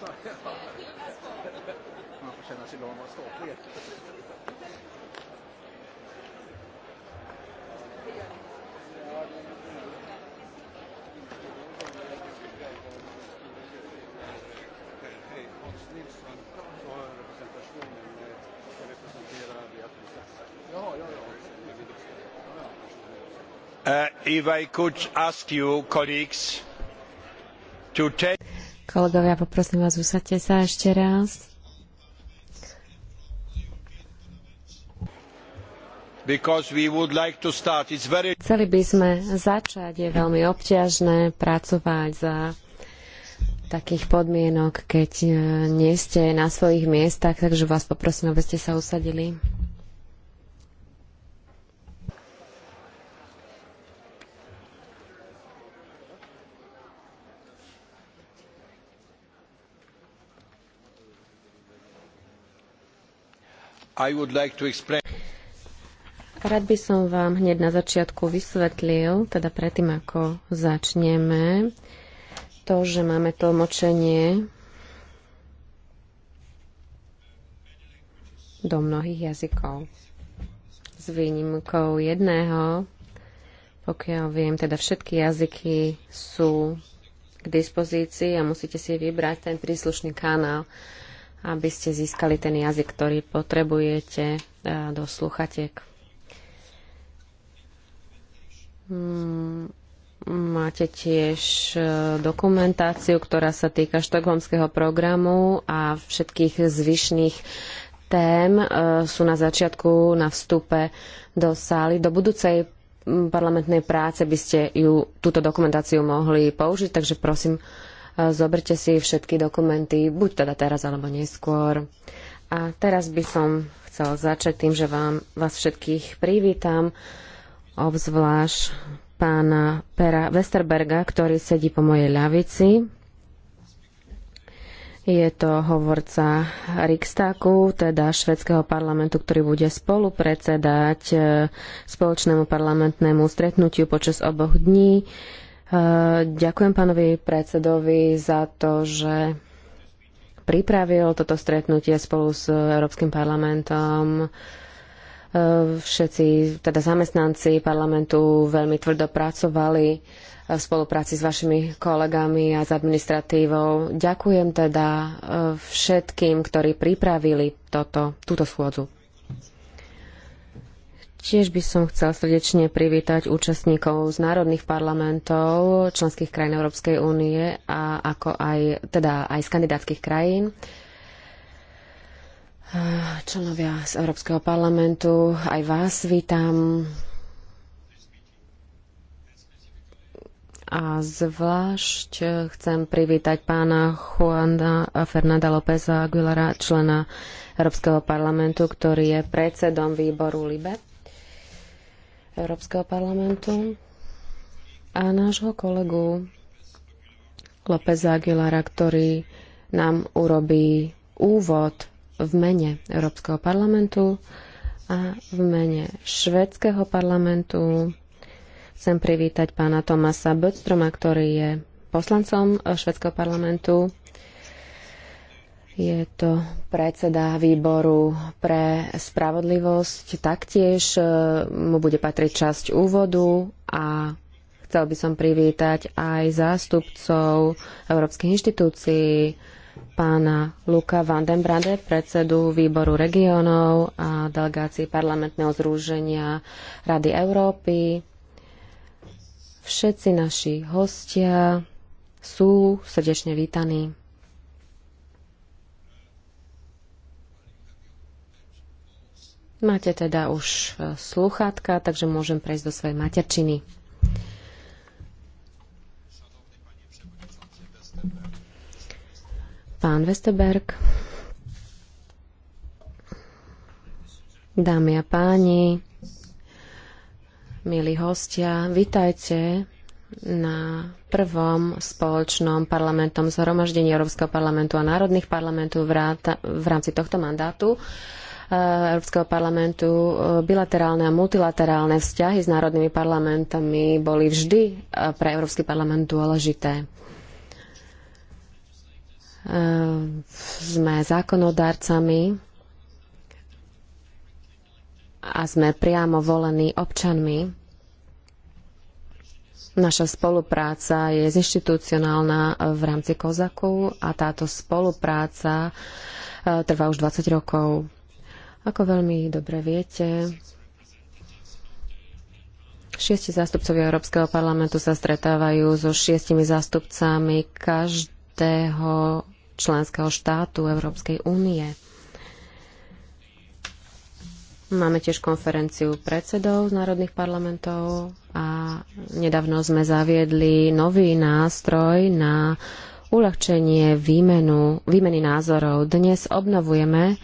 så. Man får känna sig glad vara ståtlig. Nilsson och Uh, if I could ask you, colleagues, to take Kolegovia, poprosím vás, usadte sa ešte raz. Chceli by sme začať, je veľmi obťažné pracovať za takých podmienok, keď eh, nie ste na svojich miestach, takže vás poprosím, aby ste sa usadili. Rád by som vám hneď na začiatku vysvetlil, teda predtým ako začneme, to, že máme tlmočenie do mnohých jazykov. S výnimkou jedného, pokiaľ viem, teda všetky jazyky sú k dispozícii a musíte si vybrať ten príslušný kanál aby ste získali ten jazyk, ktorý potrebujete e, do sluchatiek. Mm, máte tiež e, dokumentáciu, ktorá sa týka štokholmského programu a všetkých zvyšných tém e, sú na začiatku, na vstupe do sály. Do budúcej parlamentnej práce by ste ju, túto dokumentáciu mohli použiť, takže prosím, Zoberte si všetky dokumenty, buď teda teraz alebo neskôr. A teraz by som chcel začať tým, že vám, vás všetkých privítam, obzvlášť pána Pera Westerberga, ktorý sedí po mojej ľavici. Je to hovorca Rikstaku, teda švedského parlamentu, ktorý bude spolupredsedať e, spoločnému parlamentnému stretnutiu počas oboch dní. Ďakujem pánovi predsedovi za to, že pripravil toto stretnutie spolu s Európskym parlamentom. Všetci, teda zamestnanci parlamentu veľmi tvrdo pracovali v spolupráci s vašimi kolegami a s administratívou. Ďakujem teda všetkým, ktorí pripravili toto, túto schôdzu. Tiež by som chcel srdečne privítať účastníkov z národných parlamentov členských krajín Európskej únie a ako aj, teda aj z kandidátskych krajín členovia z Európskeho parlamentu, aj vás vítam. A zvlášť chcem privítať pána Juana Fernanda Lópeza Aguilara, člena Európskeho parlamentu, ktorý je predsedom výboru LIBE. Európskeho parlamentu a nášho kolegu Lópeza Aguilara, ktorý nám urobí úvod v mene Európskeho parlamentu a v mene Švedského parlamentu. Chcem privítať pána Tomasa Böckstroma, ktorý je poslancom Švedského parlamentu je to predseda výboru pre spravodlivosť. Taktiež e, mu bude patriť časť úvodu a chcel by som privítať aj zástupcov európskych inštitúcií, pána Luka van den Brande, predsedu výboru regiónov a delegácii parlamentného zrúženia Rady Európy. Všetci naši hostia sú srdečne vítaní. Máte teda už e, sluchátka, takže môžem prejsť do svojej materčiny. Pán Westerberg, dámy a páni, milí hostia, vitajte na prvom spoločnom parlamentom zhromaždení Európskeho parlamentu a národných parlamentov v rámci tohto mandátu. Uh, E, Európskeho parlamentu. E, bilaterálne a multilaterálne vzťahy s národnými parlamentami boli vždy e, pre Európsky parlament dôležité. Sme zákonodárcami a sme priamo volení občanmi. Naša spolupráca je zinštitucionálna v rámci Kozaku a táto spolupráca trvá už 20 rokov. Ako veľmi dobre viete, šiesti zástupcovia Európskeho parlamentu sa stretávajú so šiestimi zástupcami každého členského štátu Európskej únie. Máme tiež konferenciu predsedov z národných parlamentov a nedávno sme zaviedli nový nástroj na uľahčenie výmenu, výmeny názorov. Dnes obnovujeme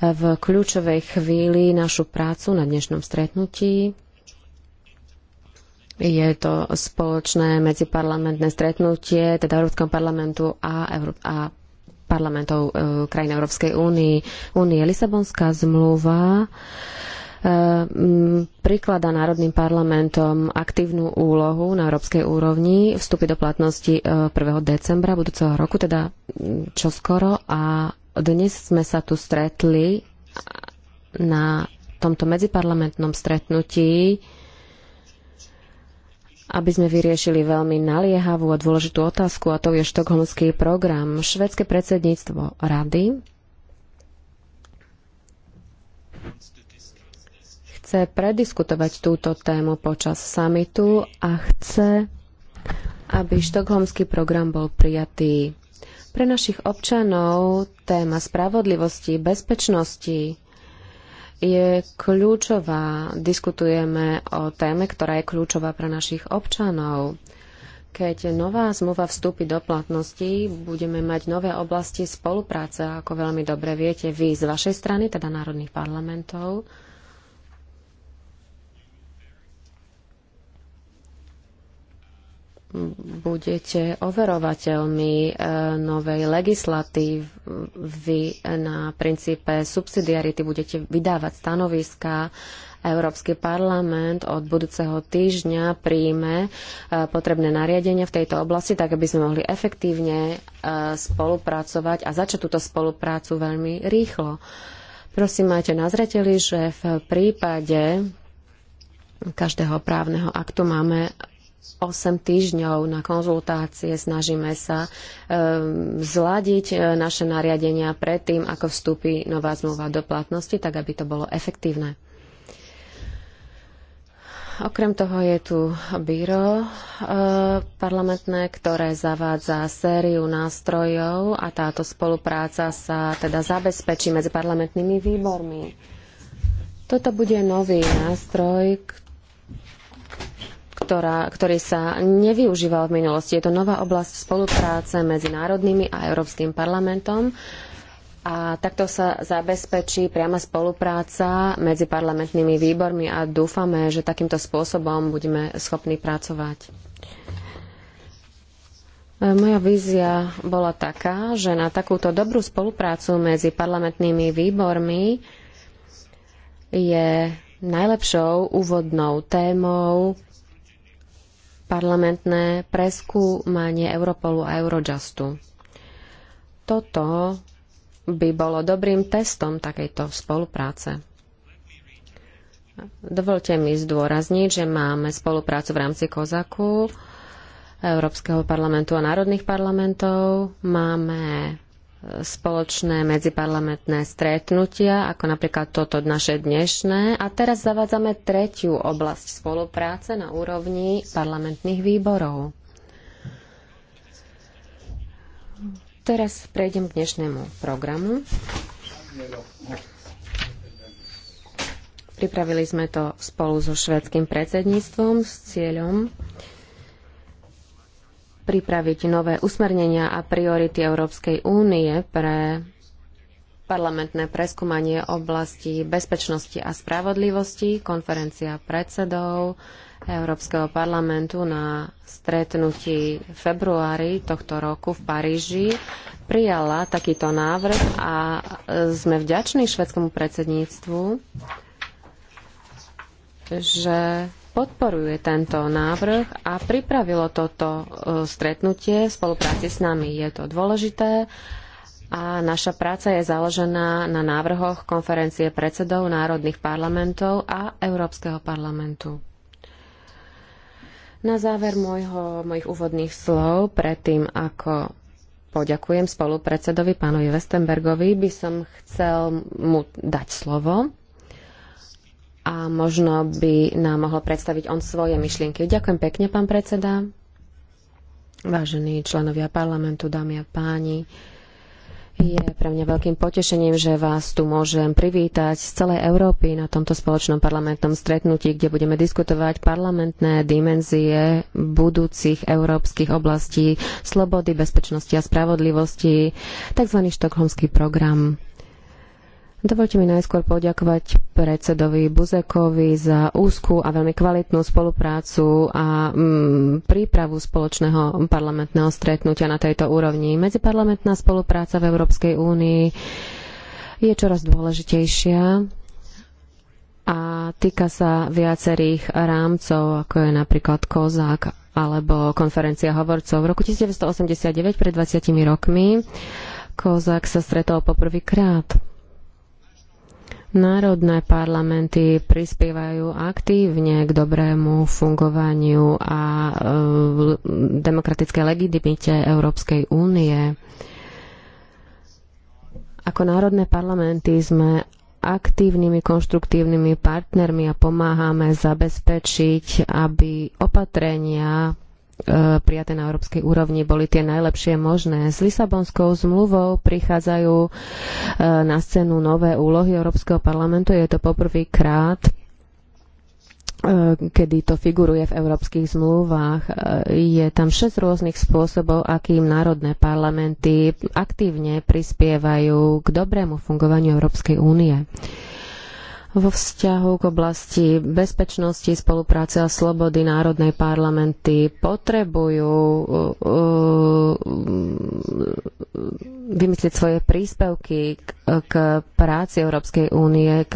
v kľúčovej chvíli našu prácu na dnešnom stretnutí. Je to spoločné medziparlamentné stretnutie, teda Európskom parlamentu a, Euró- a parlamentov e, krajín Európskej únie. únie. Lisabonská zmluva e, m, priklada národným parlamentom aktívnu úlohu na európskej úrovni, vstupy do platnosti e, 1. decembra budúceho roku, teda čoskoro a dnes sme sa tu stretli na tomto medziparlamentnom stretnutí, aby sme vyriešili veľmi naliehavú a dôležitú otázku, a to je štokholmský program. Švedské predsedníctvo rady chce prediskutovať túto tému počas samitu a chce, aby štokholmský program bol prijatý pre našich občanov téma spravodlivosti, bezpečnosti je kľúčová. Diskutujeme o téme, ktorá je kľúčová pre našich občanov. Keď nová zmluva vstúpi do platnosti, budeme mať nové oblasti spolupráce, ako veľmi dobre viete vy z vašej strany, teda národných parlamentov budete overovateľmi e, novej legislatívy na princípe subsidiarity, budete vydávať stanoviská. Európsky parlament od budúceho týždňa príjme e, potrebné nariadenia v tejto oblasti, tak aby sme mohli efektívne e, spolupracovať a začať túto spoluprácu veľmi rýchlo. Prosím, máte na zreteli, že v prípade každého právneho aktu máme 8 týždňov na konzultácie. Snažíme sa um, zladiť e, naše nariadenia predtým, ako vstúpi nová zmluva do platnosti, tak aby to bolo efektívne. Okrem toho je tu byro e, parlamentné, ktoré zavádza sériu nástrojov a táto spolupráca sa teda zabezpečí medzi parlamentnými výbormi. Toto bude nový nástroj, ktorá, ktorý sa nevyužíval v minulosti. Je to nová oblasť spolupráce medzi národnými a Európskym parlamentom. A takto sa zabezpečí priama spolupráca medzi parlamentnými výbormi a dúfame, že takýmto spôsobom budeme schopní pracovať. Moja vízia bola taká, že na takúto dobrú spoluprácu medzi parlamentnými výbormi je najlepšou úvodnou témou parlamentné preskúmanie Europolu a Eurojustu. Toto by bolo dobrým testom takejto spolupráce. Dovolte mi zdôrazniť, že máme spoluprácu v rámci Kozaku, Európskeho parlamentu a národných parlamentov. Máme spoločné medziparlamentné stretnutia, ako napríklad toto naše dnešné. A teraz zavádzame tretiu oblasť spolupráce na úrovni parlamentných výborov. Teraz prejdem k dnešnému programu. Pripravili sme to spolu so švedským predsedníctvom s cieľom pripraviť nové usmernenia a priority Európskej únie pre parlamentné preskúmanie oblasti bezpečnosti a spravodlivosti, konferencia predsedov Európskeho parlamentu na stretnutí februári tohto roku v Paríži prijala takýto návrh a sme vďační švedskému predsedníctvu, že podporuje tento návrh a pripravilo toto e, stretnutie v spolupráci s nami. Je to dôležité a naša práca je založená na návrhoch konferencie predsedov národných parlamentov a Európskeho parlamentu. Na záver môjho, mojich úvodných slov, predtým ako poďakujem spolupredsedovi pánovi Westenbergovi, by som chcel mu dať slovo a možno by nám mohol predstaviť on svoje myšlienky. Ďakujem pekne, pán predseda. Vážení členovia parlamentu, dámy a páni, je pre mňa veľkým potešením, že vás tu môžem privítať z celej Európy na tomto spoločnom parlamentnom stretnutí, kde budeme diskutovať parlamentné dimenzie budúcich európskych oblastí slobody, bezpečnosti a spravodlivosti, tzv. štokholmský program Dovolte mi najskôr poďakovať predsedovi Buzekovi za úzkú a veľmi kvalitnú spoluprácu a mm, prípravu spoločného parlamentného stretnutia na tejto úrovni. Medziparlamentná spolupráca v Európskej únii je čoraz dôležitejšia a týka sa viacerých rámcov, ako je napríklad Kozák alebo konferencia hovorcov. V roku 1989, pred 20 rokmi, Kozák sa stretol poprvýkrát Národné parlamenty prispievajú aktívne k dobrému fungovaniu a e, demokratickej legitimite Európskej únie. Ako národné parlamenty sme aktívnymi, konštruktívnymi partnermi a pomáhame zabezpečiť, aby opatrenia E, prijaté na európskej úrovni boli tie najlepšie možné. S Lisabonskou zmluvou prichádzajú e, na scénu nové úlohy Európskeho parlamentu. Je to poprvýkrát e, kedy to figuruje v európskych zmluvách. Je tam šesť rôznych spôsobov, akým národné parlamenty aktívne prispievajú k dobrému fungovaniu Európskej únie vo vzťahu k oblasti bezpečnosti, spolupráce a slobody národné parlamenty potrebujú uh, uh, vymyslieť svoje príspevky k, k práci Európskej únie, k,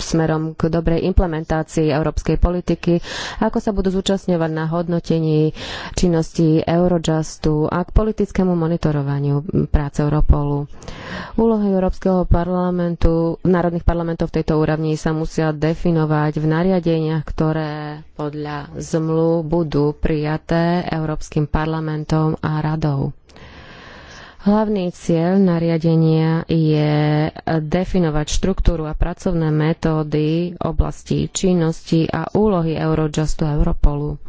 smerom k dobrej implementácii európskej politiky, ako sa budú zúčastňovať na hodnotení činnosti Eurojustu a k politickému monitorovaniu práce Europolu. Úlohy Európskeho parlamentu, národných parlamentov v tejto úrovni sa musia definovať v nariadeniach, ktoré podľa zmlu budú prijaté Európskym parlamentom a radou. Hlavný cieľ nariadenia je definovať štruktúru a pracovné metódy oblasti činnosti a úlohy Eurojustu a Europolu.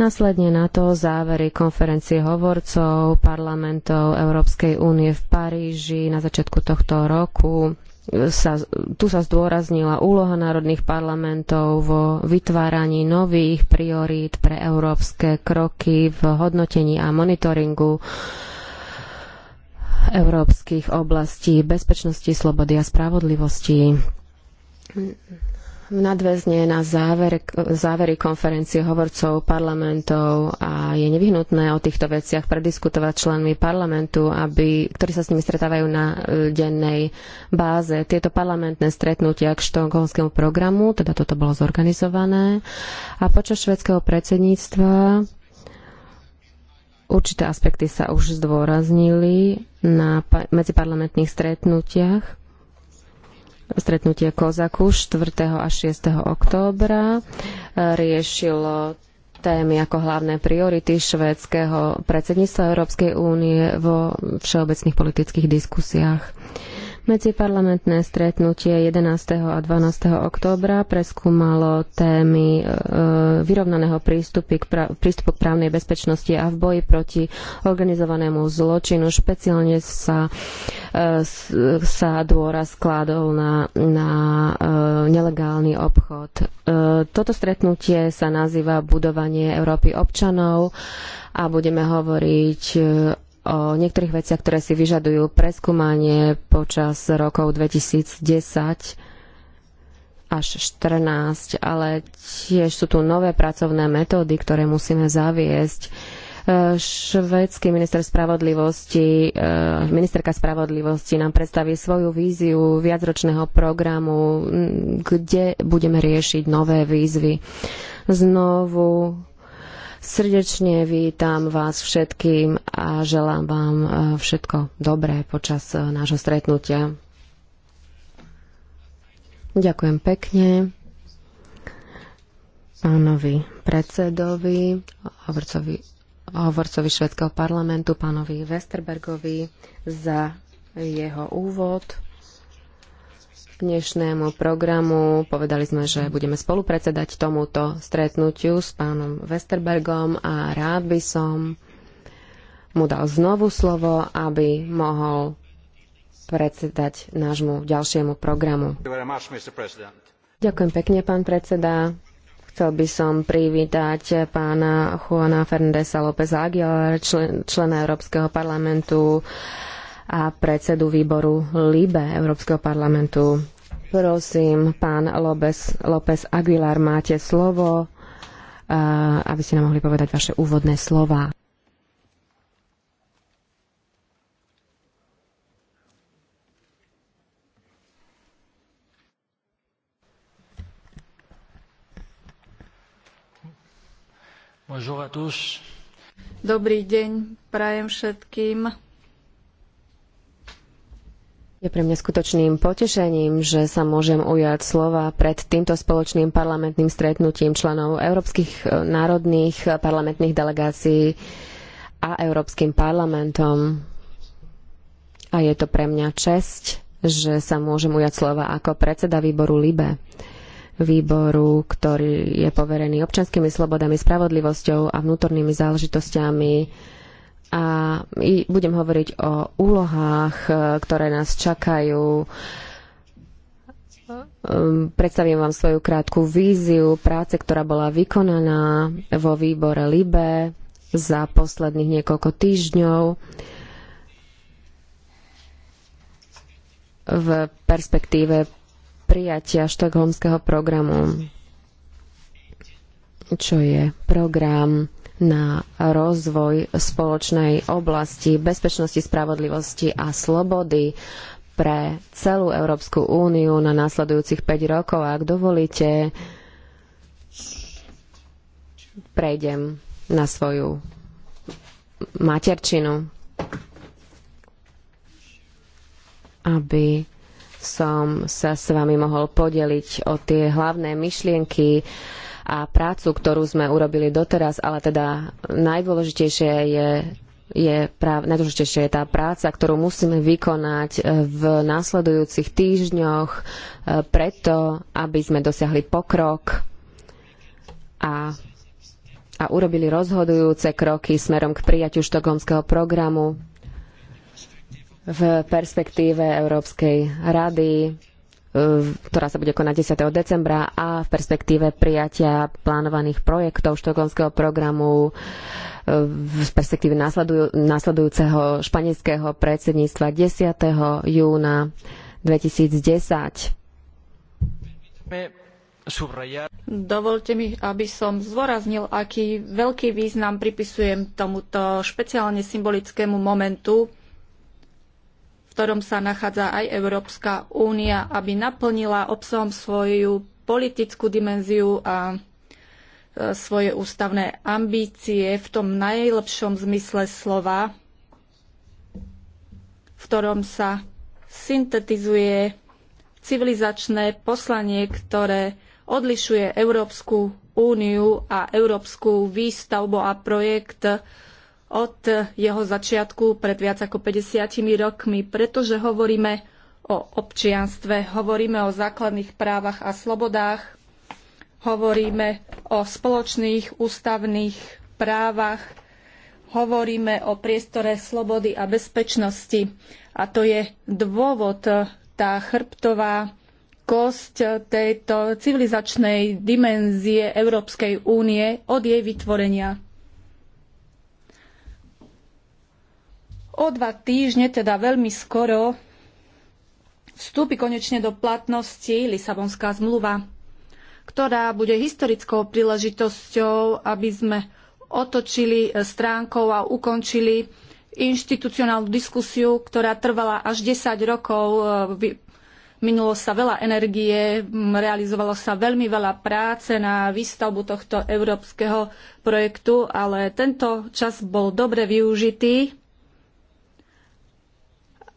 Následne na to závery konferencie hovorcov parlamentov Európskej únie v Paríži na začiatku tohto roku sa, tu sa zdôraznila úloha národných parlamentov vo vytváraní nových priorít pre európske kroky v hodnotení a monitoringu európskych oblastí bezpečnosti, slobody a spravodlivosti nadväzne na záver, závery konferencie hovorcov parlamentov a je nevyhnutné o týchto veciach prediskutovať členmi parlamentu, aby, ktorí sa s nimi stretávajú na e, dennej báze. Tieto parlamentné stretnutia k štokholmskému programu, teda toto bolo zorganizované, a počas švedského predsedníctva určité aspekty sa už zdôraznili na medziparlamentných stretnutiach stretnutie Kozaku 4. a 6. októbra e, riešilo témy ako hlavné priority švédskeho predsedníctva Európskej únie vo všeobecných politických diskusiách. Medziparlamentné stretnutie 11. a 12. októbra preskúmalo témy e, e, vyrovnaného prístupu k, pra- prístupu k právnej bezpečnosti a v boji proti organizovanému zločinu. Špeciálne sa, e, sa dôraz skládol na, na nelegálny obchod. Toto stretnutie sa nazýva budovanie Európy občanov a budeme hovoriť o niektorých veciach, ktoré si vyžadujú preskúmanie počas rokov 2010 až 14, ale tiež sú tu nové pracovné metódy, ktoré musíme zaviesť. E, Švédsky minister spravodlivosti, e, ministerka spravodlivosti nám predstaví svoju víziu viacročného programu, kde budeme riešiť nové výzvy. Znovu Srdečne vítam vás všetkým a želám vám e, všetko dobré počas e, nášho stretnutia. Ďakujem pekne pánovi predsedovi, hovorcovi, hovorcovi švedského parlamentu, pánovi Westerbergovi za jeho úvod dnešnému programu. Povedali sme, že budeme spolupredsedať tomuto stretnutiu s pánom Westerbergom a rád by som mu dal znovu slovo, aby mohol predsedať nášmu ďalšiemu programu. Ďakujem pekne, pán predseda. Chcel by som privítať pána Juana Fernandesa López Aguilar, člen, člena Európskeho parlamentu, a predsedu výboru LIBE Európskeho parlamentu. Prosím, pán López, López Aguilar, máte slovo, aby ste nám mohli povedať vaše úvodné slova. Dobrý deň prajem všetkým. Je pre mňa skutočným potešením, že sa môžem ujať slova pred týmto spoločným parlamentným stretnutím členov európskych e, národných parlamentných delegácií a Európskym parlamentom. A je to pre mňa česť, že sa môžem ujať slova ako predseda výboru LIBE výboru, ktorý je poverený občanskými slobodami, spravodlivosťou a vnútornými záležitosťami a budem hovoriť o úlohách, e, ktoré nás čakajú. Ehm, predstavím vám svoju krátku víziu práce, ktorá bola vykonaná vo výbore LIBE za posledných niekoľko týždňov v perspektíve prijatia štokholmského programu, čo je program na rozvoj spoločnej oblasti bezpečnosti, spravodlivosti a slobody pre celú Európsku úniu na následujúcich 5 rokov. Ak dovolíte, prejdem na svoju materčinu, aby som sa s vami mohol podeliť o tie hlavné myšlienky, a prácu, ktorú sme urobili doteraz, ale teda najdôležitejšie je je práv, najdôležitejšia je tá práca, ktorú musíme vykonať e, v následujúcich týždňoch e, preto, aby sme dosiahli pokrok a, a urobili rozhodujúce kroky smerom k prijatiu štokholmského programu v perspektíve Európskej rady E, ktorá sa bude konať 10. decembra a v perspektíve prijatia plánovaných projektov štokholmského programu e, v perspektíve následujúceho španielského predsedníctva 10. júna 2010. Dovolte mi, aby som zvoraznil, aký veľký význam pripisujem tomuto špeciálne symbolickému momentu ktorom sa nachádza aj Európska únia, aby naplnila obsahom svoju politickú dimenziu a e, svoje ústavné ambície v tom najlepšom zmysle slova, v ktorom sa syntetizuje civilizačné poslanie, ktoré odlišuje Európsku úniu a európsku výstavbu a projekt od jeho začiatku pred viac ako 50 rokmi, pretože hovoríme o občianstve, hovoríme o základných právach a slobodách, hovoríme o spoločných ústavných právach, hovoríme o priestore slobody a bezpečnosti. A to je dôvod, tá chrbtová kosť tejto civilizačnej dimenzie Európskej únie od jej vytvorenia. O dva týždne, teda veľmi skoro, vstúpi konečne do platnosti Lisabonská zmluva, ktorá bude historickou príležitosťou, aby sme otočili stránkou a ukončili inštitucionálnu diskusiu, ktorá trvala až 10 rokov. Minulo sa veľa energie, realizovalo sa veľmi veľa práce na výstavbu tohto európskeho projektu, ale tento čas bol dobre využitý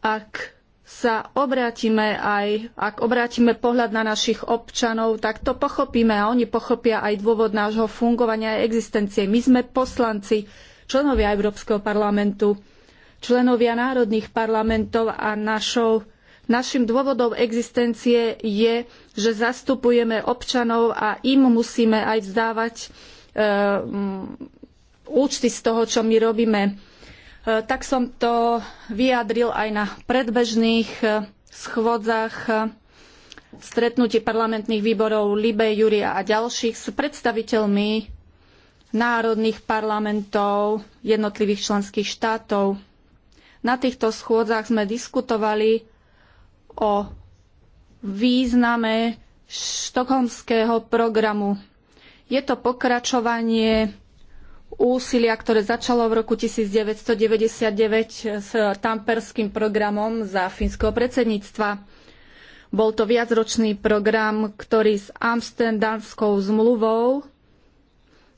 ak sa obrátime aj, ak obrátime pohľad na našich občanov, tak to pochopíme a oni pochopia aj dôvod nášho fungovania a existencie. My sme poslanci, členovia Európskeho parlamentu, členovia národných parlamentov a našou, našim dôvodom existencie je, že zastupujeme občanov a im musíme aj vzdávať e, účty z toho, čo my robíme E, tak som to vyjadril aj na predbežných e, schôdzach e, stretnutí parlamentných výborov Libe, Júria a ďalších s predstaviteľmi národných parlamentov jednotlivých členských štátov. Na týchto schôdzach sme diskutovali o význame štokholmského programu. Je to pokračovanie úsilia, ktoré začalo v roku 1999 s tamperským programom za fínskeho predsedníctva. Bol to viacročný program, ktorý s Amsterdamskou zmluvou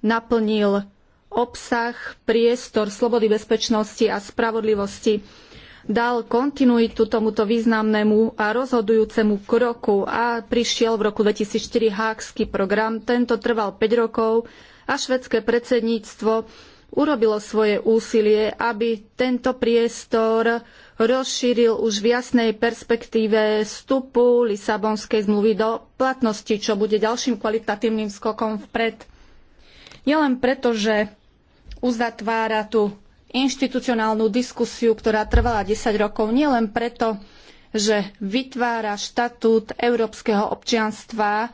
naplnil obsah, priestor slobody, bezpečnosti a spravodlivosti. Dal kontinuitu tomuto významnému a rozhodujúcemu kroku a prišiel v roku 2004 hákský program. Tento trval 5 rokov a švedské predsedníctvo urobilo svoje úsilie, aby tento priestor rozšíril už v jasnej perspektíve vstupu Lisabonskej zmluvy do platnosti, čo bude ďalším kvalitatívnym skokom vpred. Nielen preto, že uzatvára tú inštitucionálnu diskusiu, ktorá trvala 10 rokov, nielen preto, že vytvára štatút európskeho občianstva,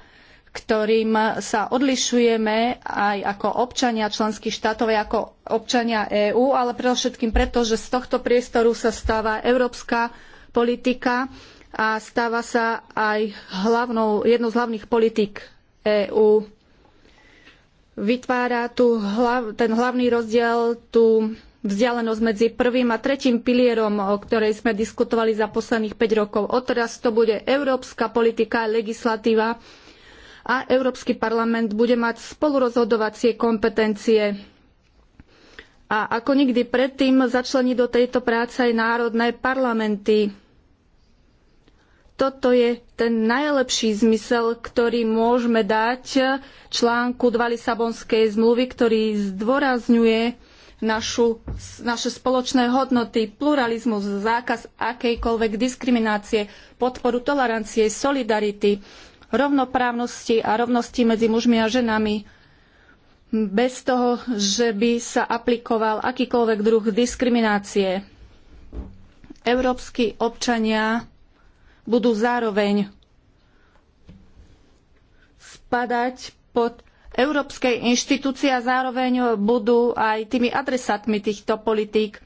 ktorým sa odlišujeme aj ako občania členských štátov, aj ako občania EÚ, ale predovšetkým preto, že z tohto priestoru sa stáva európska politika a stáva sa aj hlavnou, jednou z hlavných politik EÚ. Vytvára tu hlav, ten hlavný rozdiel, tú vzdialenosť medzi prvým a tretím pilierom, o ktorej sme diskutovali za posledných 5 rokov. Odteraz to bude európska politika a legislatíva, a Európsky parlament bude mať spolurozhodovacie kompetencie a ako nikdy predtým začlení do tejto práce aj národné parlamenty. Toto je ten najlepší zmysel, ktorý môžeme dať článku 2 Lisabonskej zmluvy, ktorý zdôrazňuje našu, naše spoločné hodnoty, pluralizmus, zákaz akejkoľvek diskriminácie, podporu tolerancie, solidarity rovnoprávnosti a rovnosti medzi mužmi a ženami bez toho, že by sa aplikoval akýkoľvek druh diskriminácie. Európski občania budú zároveň spadať pod európskej inštitúcie a zároveň budú aj tými adresátmi týchto politík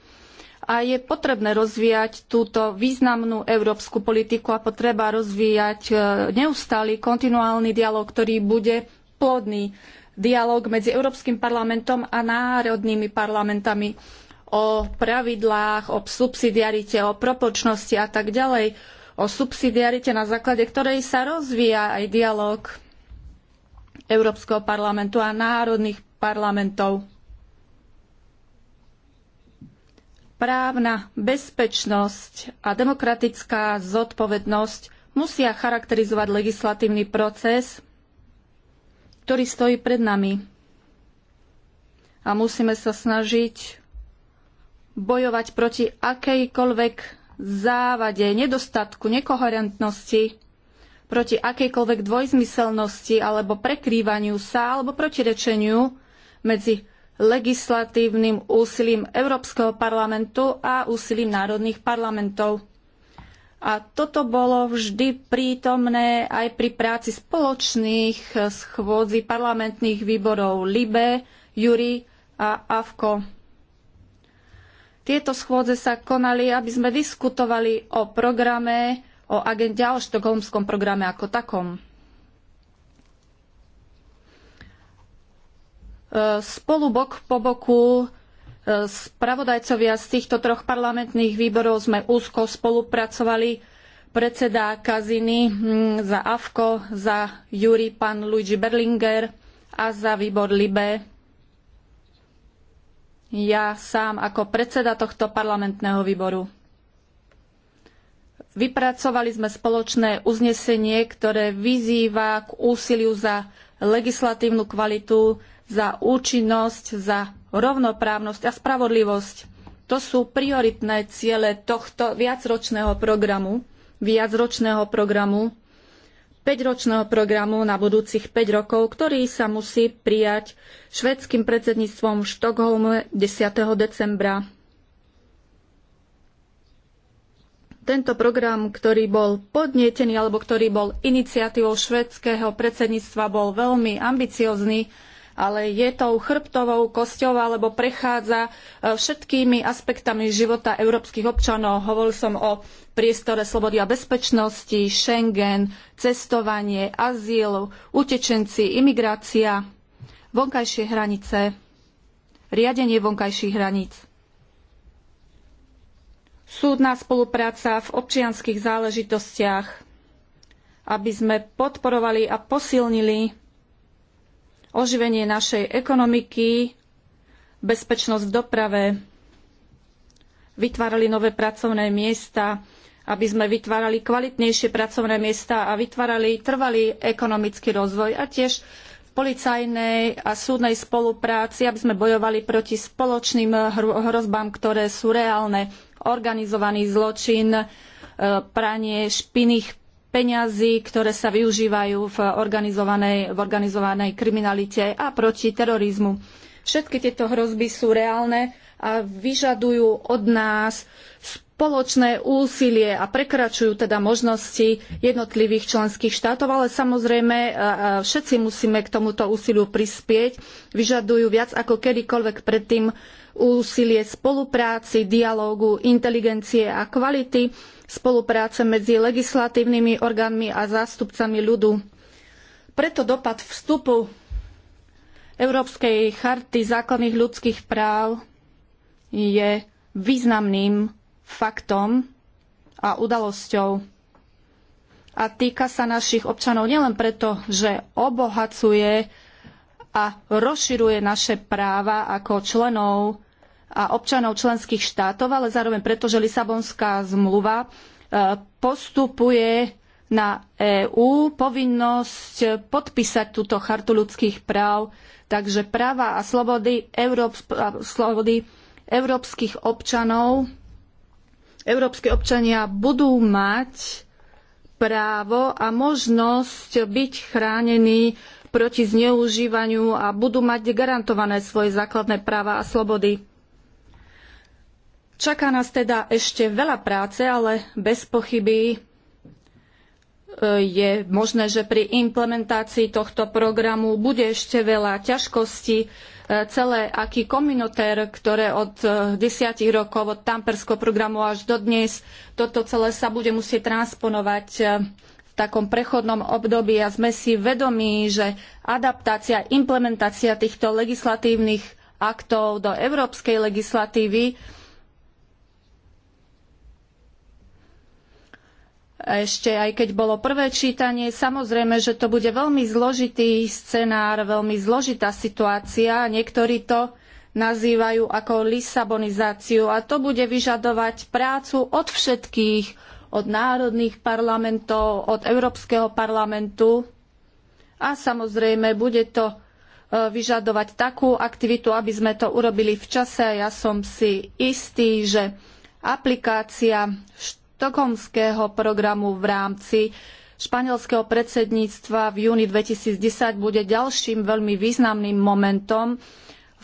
a je potrebné rozvíjať túto významnú európsku politiku a potreba rozvíjať e, neustály kontinuálny dialog, ktorý bude plodný dialog medzi Európskym parlamentom a národnými parlamentami o pravidlách, o subsidiarite, o proporčnosti a tak ďalej, o subsidiarite, na základe ktorej sa rozvíja aj dialog Európskeho parlamentu a národných parlamentov. Právna bezpečnosť a demokratická zodpovednosť musia charakterizovať legislatívny proces, ktorý stojí pred nami. A musíme sa snažiť bojovať proti akejkoľvek závade, nedostatku, nekoherentnosti, proti akejkoľvek dvojzmyselnosti alebo prekrývaniu sa alebo protirečeniu medzi legislatívnym úsilím Európskeho parlamentu a úsilím národných parlamentov. A toto bolo vždy prítomné aj pri práci spoločných schôdzi parlamentných výborov LIBE, JURI a AVKO. Tieto schôdze sa konali, aby sme diskutovali o programe, o agende a o štokholmskom programe ako takom. E, spolu bok po boku e, spravodajcovia z týchto troch parlamentných výborov sme úzko spolupracovali predseda Kaziny hm, za AFKO, za Juri pán Luigi Berlinger a za výbor Libe ja sám ako predseda tohto parlamentného výboru. Vypracovali sme spoločné uznesenie, ktoré vyzýva k úsiliu za legislatívnu kvalitu za účinnosť, za rovnoprávnosť a spravodlivosť. To sú prioritné ciele tohto viacročného programu, viacročného programu, 5-ročného programu na budúcich 5 rokov, ktorý sa musí prijať švedským predsedníctvom v Štokholme 10. decembra. Tento program, ktorý bol podnietený alebo ktorý bol iniciatívou švedského predsedníctva, bol veľmi ambiciózny ale je tou chrbtovou kosťou alebo prechádza e, všetkými aspektami života európskych občanov. Hovoril som o priestore slobody a bezpečnosti, Schengen, cestovanie, azyl, utečenci, imigrácia, vonkajšie hranice, riadenie vonkajších hraníc súdna spolupráca v občianskych záležitostiach, aby sme podporovali a posilnili oživenie našej ekonomiky, bezpečnosť v doprave, vytvárali nové pracovné miesta, aby sme vytvárali kvalitnejšie pracovné miesta a vytvárali trvalý ekonomický rozvoj a tiež v policajnej a súdnej spolupráci, aby sme bojovali proti spoločným hrozbám, ktoré sú reálne, organizovaný zločin, e, pranie špinných peňazí, ktoré sa využívajú v organizovanej, v organizovanej kriminalite a proti terorizmu. Všetky tieto hrozby sú reálne a vyžadujú od nás spoločné úsilie a prekračujú teda možnosti jednotlivých členských štátov, ale samozrejme všetci musíme k tomuto úsiliu prispieť. Vyžadujú viac ako kedykoľvek predtým úsilie spolupráci, dialógu, inteligencie a kvality spolupráce medzi legislatívnymi orgánmi a zástupcami ľudu. Preto dopad vstupu Európskej charty základných ľudských práv je významným faktom a udalosťou. A týka sa našich občanov nielen preto, že obohacuje a rozširuje naše práva ako členov a občanov členských štátov, ale zároveň preto, že Lisabonská zmluva e, postupuje na EÚ povinnosť podpísať túto chartu ľudských práv, takže práva a slobody, slobody európskych občanov, európske občania budú mať právo a možnosť byť chránení proti zneužívaniu a budú mať garantované svoje základné práva a slobody. Čaká nás teda ešte veľa práce, ale bez pochyby e, je možné, že pri implementácii tohto programu bude ešte veľa ťažkostí. E, celé aký kominotér, ktoré od e, desiatich rokov, od tamperského programu až do dnes, toto celé sa bude musieť transponovať v takom prechodnom období a sme si vedomí, že adaptácia, implementácia týchto legislatívnych aktov do európskej legislatívy ešte aj keď bolo prvé čítanie, samozrejme, že to bude veľmi zložitý scenár, veľmi zložitá situácia. Niektorí to nazývajú ako lisabonizáciu a to bude vyžadovať prácu od všetkých, od národných parlamentov, od Európskeho parlamentu a samozrejme bude to e, vyžadovať takú aktivitu, aby sme to urobili v čase. Ja som si istý, že aplikácia št- štokholmského programu v rámci španielského predsedníctva v júni 2010 bude ďalším veľmi významným momentom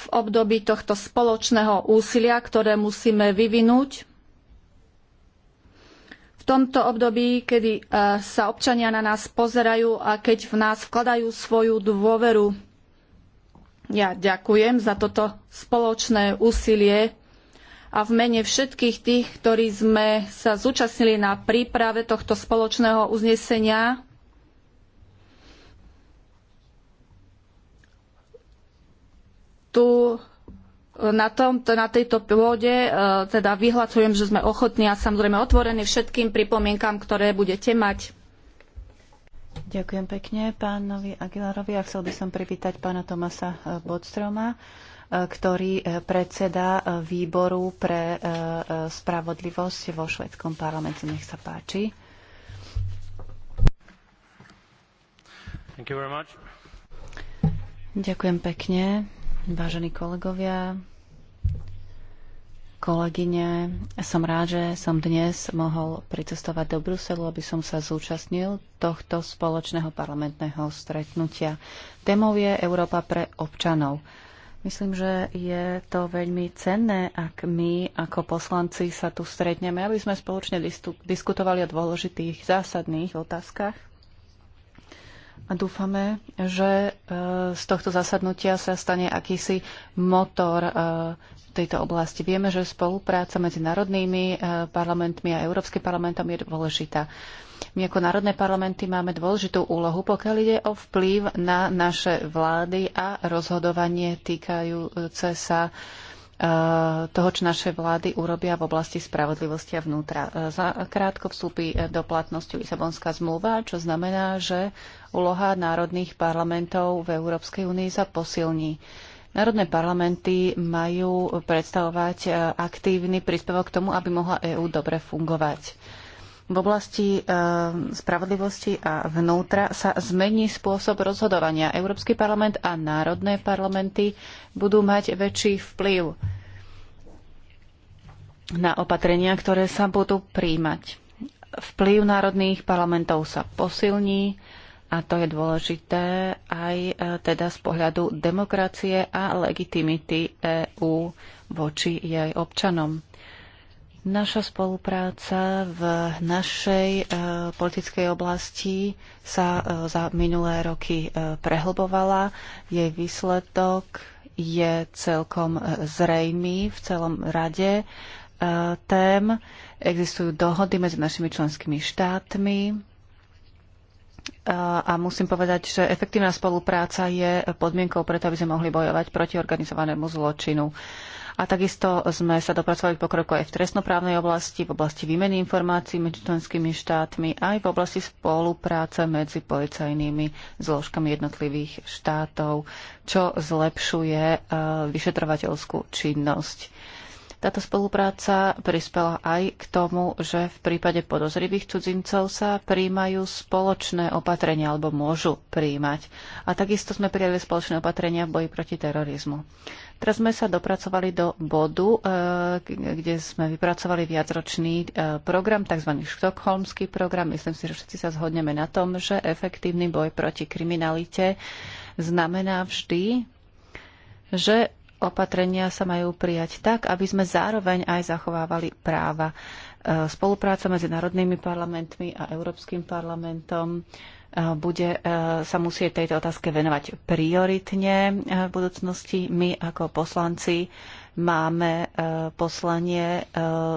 v období tohto spoločného úsilia, ktoré musíme vyvinúť. V tomto období, kedy e, sa občania na nás pozerajú a keď v nás vkladajú svoju dôveru. Ja ďakujem za toto spoločné úsilie a v mene všetkých tých, ktorí sme sa zúčastnili na príprave tohto spoločného uznesenia, tu na, tom, na tejto pôde e, teda vyhlacujem, že sme ochotní a samozrejme otvorení všetkým pripomienkam, ktoré budete mať. Ďakujem pekne pánovi Aguilarovi a chcel by som privítať pána Tomasa e, Bodstroma ktorý e, predseda e, výboru pre e, spravodlivosť vo švedskom parlamente. Nech sa páči. Ďakujem pekne, vážení kolegovia, kolegyne. Som rád, že som dnes mohol pricestovať do Bruselu, aby som sa zúčastnil tohto spoločného parlamentného stretnutia. Témou je Európa pre občanov. Myslím, že je to veľmi cenné, ak my ako poslanci sa tu stretneme, aby sme spoločne diskutovali o dôležitých zásadných otázkach. A dúfame, že e, z tohto zasadnutia sa stane akýsi motor v e, tejto oblasti. Vieme, že spolupráca medzi národnými e, parlamentmi a Európskym parlamentom je dôležitá. My ako národné parlamenty máme dôležitú úlohu, pokiaľ ide o vplyv na naše vlády a rozhodovanie týkajúce sa e, toho, čo naše vlády urobia v oblasti spravodlivosti a vnútra. E, za krátko vstúpi e, do platnosti Lisabonská zmluva, čo znamená, že úloha národných parlamentov v Európskej únii sa posilní. Národné parlamenty majú predstavovať aktívny príspevok k tomu, aby mohla EÚ dobre fungovať v oblasti eh, spravodlivosti a vnútra sa zmení spôsob rozhodovania. Európsky parlament a národné parlamenty budú mať väčší vplyv na opatrenia, ktoré sa budú príjmať. Vplyv národných parlamentov sa posilní a to je dôležité aj eh, teda z pohľadu demokracie a legitimity EÚ voči jej občanom. Naša spolupráca v našej e, politickej oblasti sa e, za minulé roky e, prehlbovala. Jej výsledok je celkom e, zrejmý v celom rade e, tém. Existujú dohody medzi našimi členskými štátmi e, a musím povedať, že efektívna spolupráca je podmienkou preto, aby sme mohli bojovať proti organizovanému zločinu. A takisto sme sa dopracovali k pokroku aj v trestnoprávnej oblasti, v oblasti výmeny informácií medzi členskými štátmi, aj v oblasti spolupráce medzi policajnými zložkami jednotlivých štátov, čo zlepšuje eh, vyšetrovateľskú činnosť. Táto spolupráca prispela aj k tomu, že v prípade podozrivých cudzincov sa príjmajú spoločné opatrenia alebo môžu príjmať. A takisto sme prijali spoločné opatrenia v boji proti terorizmu. Teraz sme sa dopracovali do bodu, e, kde sme vypracovali viacročný e, program, tzv. štokholmský program. Myslím si, že všetci sa zhodneme na tom, že efektívny boj proti kriminalite znamená vždy, že opatrenia sa majú prijať tak, aby sme zároveň aj zachovávali práva. E, spolupráca medzi národnými parlamentmi a Európskym parlamentom e, bude e, sa musieť tejto otázke venovať prioritne v budúcnosti. My ako poslanci máme poslanie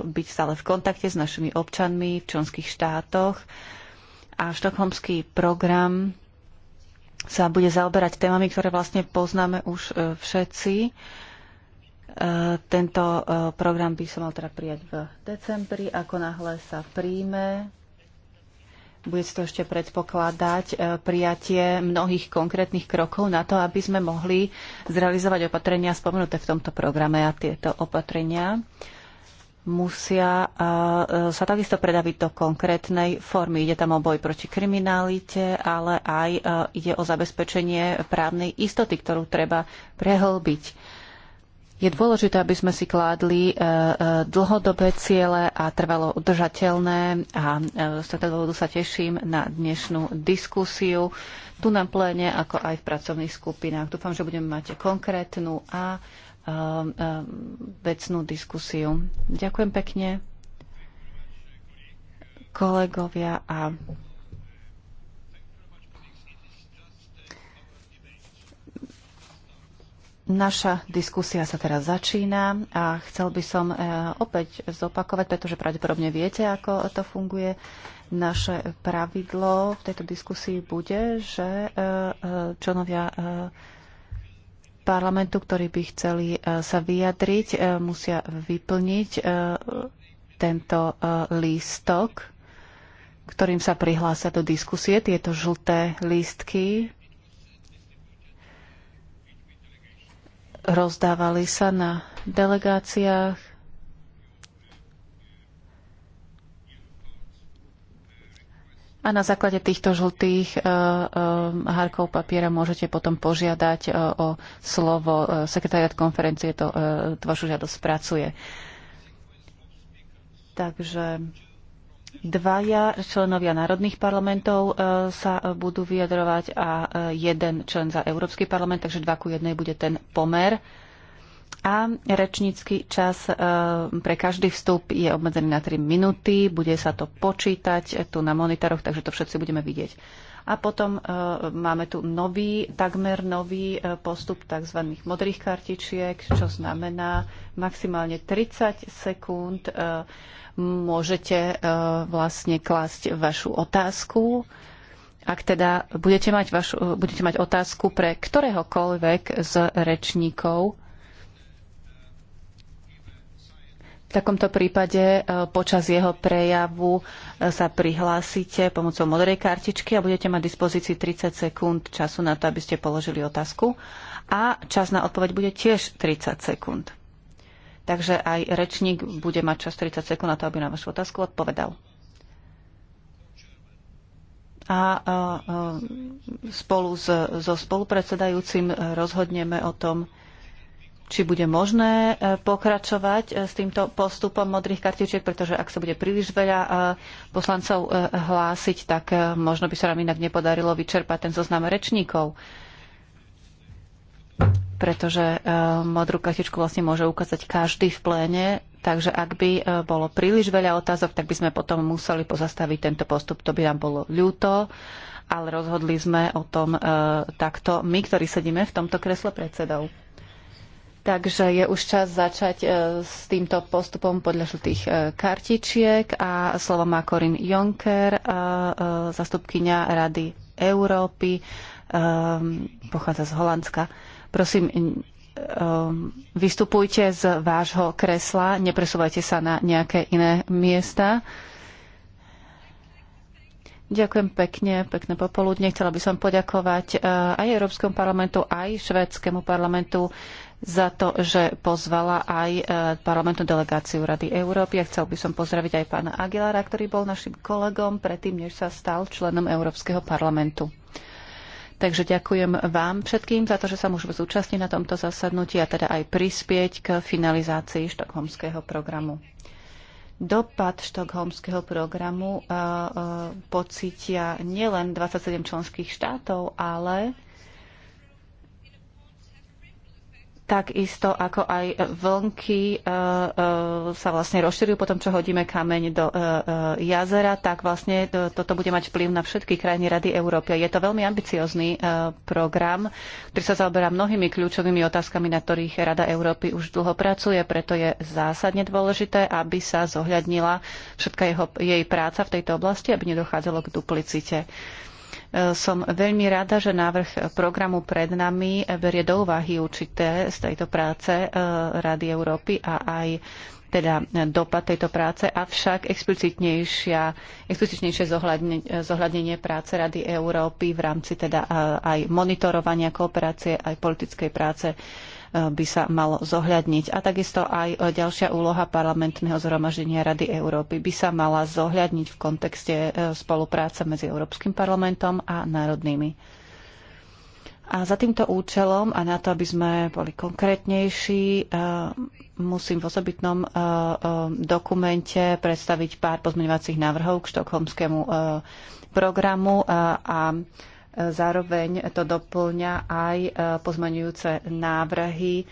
byť stále v kontakte s našimi občanmi v členských štátoch a štokholmský program sa bude zaoberať témami, ktoré vlastne poznáme už e, všetci. E, tento e, program by som mal teda prijať v decembri, ako náhle sa príjme. Bude sa to ešte predpokladať prijatie mnohých konkrétnych krokov na to, aby sme mohli zrealizovať opatrenia spomenuté v tomto programe a tieto opatrenia musia sa takisto predaviť do konkrétnej formy. Ide tam o boj proti kriminalite, ale aj ide o zabezpečenie právnej istoty, ktorú treba prehlbiť. Je dôležité, aby sme si kládli e, e, dlhodobé ciele a trvalo udržateľné a e, z tohto dôvodu sa teším na dnešnú diskusiu tu na pléne, ako aj v pracovných skupinách. Dúfam, že budeme mať konkrétnu a Um, um, vecnú diskusiu. Ďakujem pekne kolegovia a Naša diskusia sa teraz začína a chcel by som eh, opäť zopakovať, pretože pravdepodobne viete, ako to funguje. Naše pravidlo v tejto diskusii bude, že eh, eh, členovia parlamentu, ktorí by chceli e, sa vyjadriť, e, musia vyplniť e, tento lístok, ktorým sa prihlásia do diskusie, tieto žlté lístky. Rozdávali sa na delegáciách A na základe týchto žltých eh, eh, hárkov papiera môžete potom požiadať eh, o slovo. Sekretariat konferencie to, to vašu žiadosť spracuje. Takže dvaja členovia národných parlamentov sa budú vyjadrovať a jeden člen za Európsky parlament, takže dva ku jednej bude ten pomer a rečnícky čas e, pre každý vstup je obmedzený na 3 minúty, bude sa to počítať tu na monitoroch, takže to všetci budeme vidieť. A potom e, máme tu nový, takmer nový e, postup tzv. modrých kartičiek, čo znamená maximálne 30 sekúnd môžete vlastne klásť vašu otázku. Ak teda budete mať, vašu, budete mať otázku pre ktoréhokoľvek z rečníkov, V takomto prípade e, počas jeho prejavu e, sa prihlásite pomocou modrej kartičky a budete mať dispozícii 30 sekúnd času na to, aby ste položili otázku. A čas na odpoveď bude tiež 30 sekúnd. Takže aj rečník bude mať čas 30 sekúnd na to, aby na vašu otázku odpovedal. A, a, e, a spolu s, so spolupredsedajúcim rozhodneme o tom, či bude možné e, pokračovať e, s týmto postupom modrých kartičiek, pretože ak sa bude príliš veľa e, poslancov hlásiť, tak možno by sa nám inak nepodarilo vyčerpať ten zoznam rečníkov. Pretože modrú kartičku vlastne môže ukázať každý v pléne, takže ak by bolo príliš veľa otázok, tak by sme potom museli pozastaviť tento postup. To by nám bolo ľúto, ale rozhodli sme o tom takto my, ktorí sedíme v tomto kresle predsedov. Takže je už čas začať e, s týmto postupom podľa žltých e, kartičiek a slovo má Corin Jonker, e, zastupkynia Rady Európy, pochádza z Holandska. Prosím, vystupujte z vášho kresla, nepresúvajte sa na nejaké iné miesta. Ďakujem pekne, pekné popoludne. Chcela by som poďakovať aj Európskom parlamentu, aj Švedskému parlamentu za to, že pozvala aj e, parlamentnú delegáciu Rady Európy. A chcel by som pozdraviť aj pána Aguilara, ktorý bol našim kolegom predtým, než sa stal členom Európskeho parlamentu. Takže ďakujem vám všetkým za to, že sa môžeme zúčastniť na tomto zasadnutí a teda aj prispieť k finalizácii štokholmského programu. Dopad štokholmského programu e, e, pocítia nielen 27 členských štátov, ale takisto ako aj vlnky e, e, sa vlastne rozširujú potom, čo hodíme kameň do e, jazera, tak vlastne toto bude mať vplyv na všetky krajiny Rady Európy. Je to veľmi ambiciozný program, ktorý sa zaoberá mnohými kľúčovými otázkami, na ktorých Rada Európy už dlho pracuje, preto je zásadne dôležité, aby sa zohľadnila všetka jeho, jej práca v tejto oblasti, aby nedochádzalo k duplicite. Som veľmi rada, že návrh programu pred nami berie do úvahy určité z tejto práce e, Rady Európy a aj teda dopad tejto práce, avšak explicitnejšie zohľadnenie práce Rady Európy v rámci teda e, aj monitorovania kooperácie, aj politickej práce by sa malo zohľadniť. A takisto aj ďalšia úloha parlamentného zhromaždenia Rady Európy by sa mala zohľadniť v kontexte e, spolupráce medzi Európskym parlamentom a národnými. A za týmto účelom a na to, aby sme boli konkrétnejší, e, musím v osobitnom e, dokumente predstaviť pár pozmeňovacích návrhov k štokholmskému programu a Zároveň to doplňa aj e, pozmaňujúce návrhy e,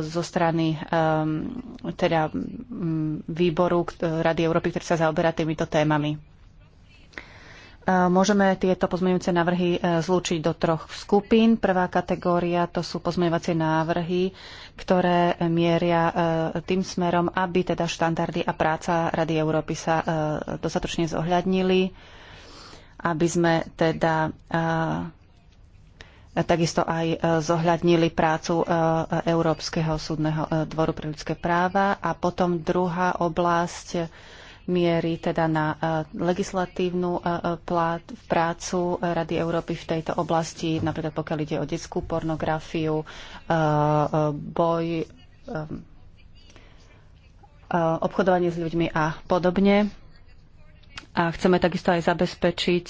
zo strany e, teda výboru Rady Európy, ktorý sa zaoberá týmito témami. Môžeme tieto pozmeňujúce návrhy zlúčiť do troch skupín. Prvá kategória to sú pozmeňovacie návrhy, ktoré mieria tým smerom, aby teda štandardy a práca Rady Európy sa dostatočne zohľadnili aby sme teda e, takisto aj e, zohľadnili prácu e, Európskeho súdneho dvoru pre ľudské práva. A potom druhá oblasť mierí teda na legislatívnu prácu Rady Európy v tejto oblasti, napríklad pokiaľ ide o detskú pornografiu, boj, obchodovanie s ľuďmi a podobne. A chceme takisto aj zabezpečiť,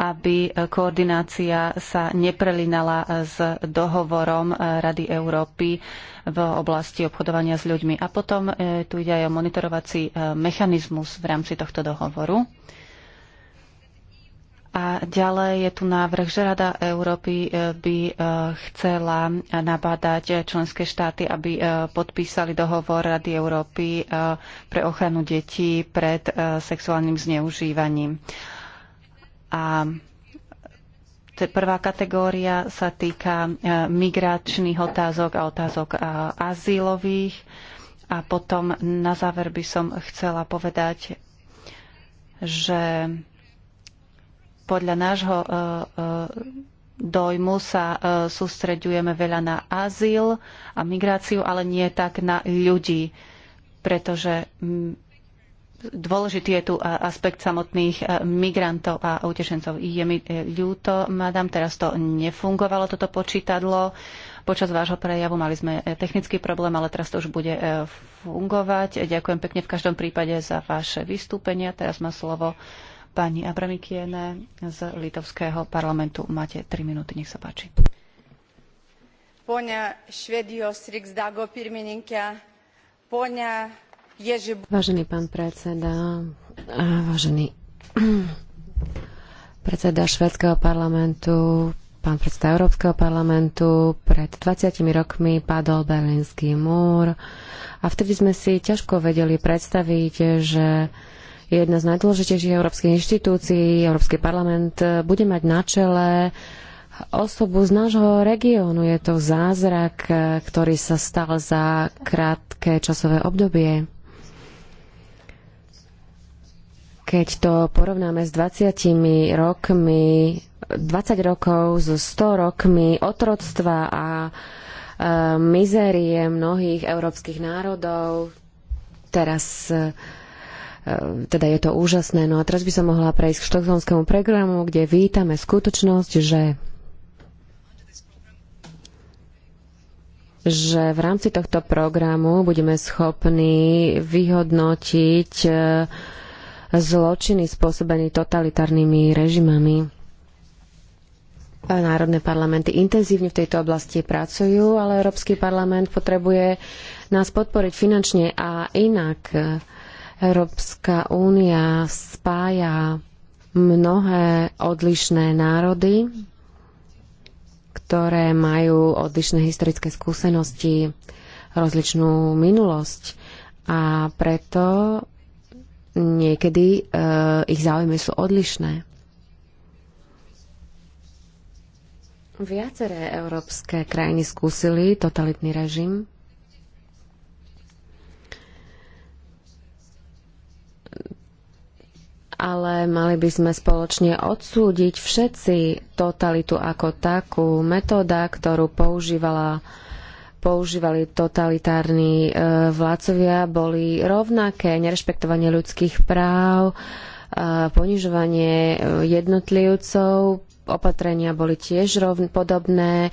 aby koordinácia sa neprelinala s dohovorom Rady Európy v oblasti obchodovania s ľuďmi. A potom eh, tu ide aj o monitorovací eh, mechanizmus v rámci tohto dohovoru. A ďalej je tu návrh, že Rada Európy e, by e, chcela nabádať členské štáty, aby e, podpísali dohovor Rady Európy pre ochranu detí pred sexuálnym zneužívaním. A prvá kategória sa týka migračných otázok a otázok azylových. A potom na záver by som chcela povedať, že podľa nášho e, e, dojmu sa e, sústreďujeme veľa na azyl a migráciu, ale nie tak na ľudí, pretože dôležitý je tu aspekt samotných migrantov a utečencov. Je mi ľúto, madam, teraz to nefungovalo, toto počítadlo. Počas vášho prejavu mali sme technický problém, ale teraz to už bude fungovať. Ďakujem pekne v každom prípade za vaše vystúpenia. Teraz má slovo pani Abramikiene z Litovského parlamentu. Máte 3 minúty, nech sa páči. Pone Švedijos Riksdago Pirmininke, Pone Ježi... Vážený pán predseda, vážený predseda Švedského parlamentu, pán predseda Európskeho parlamentu, pred 20 rokmi padol Berlínsky múr a vtedy sme si ťažko vedeli predstaviť, že je jedna z najdôležitejších európskych inštitúcií, Európsky parlament, e, bude mať na čele osobu z nášho regiónu. Je to zázrak, e, ktorý sa stal za krátke časové obdobie. Keď to porovnáme s 20 rokmi, 20 rokov so 100 rokmi otroctva a e, mizérie mnohých európskych národov. Teraz E, teda je to úžasné. No a teraz by som mohla prejsť k štokholmskému programu, kde vítame skutočnosť, že že v rámci tohto programu budeme schopní vyhodnotiť e, zločiny spôsobené totalitárnymi režimami. Národné parlamenty intenzívne v tejto oblasti pracujú, ale Európsky parlament potrebuje nás podporiť finančne a inak. Európska únia spája mnohé odlišné národy, ktoré majú odlišné historické skúsenosti, rozličnú minulosť a preto niekedy e, ich záujmy sú odlišné. Viaceré európske krajiny skúsili totalitný režim ale mali by sme spoločne odsúdiť všetci totalitu ako takú. Metóda, ktorú používala používali totalitárni e, vládcovia, boli rovnaké, nerešpektovanie ľudských práv, e, ponižovanie e, jednotlivcov, opatrenia boli tiež rovn, podobné, e,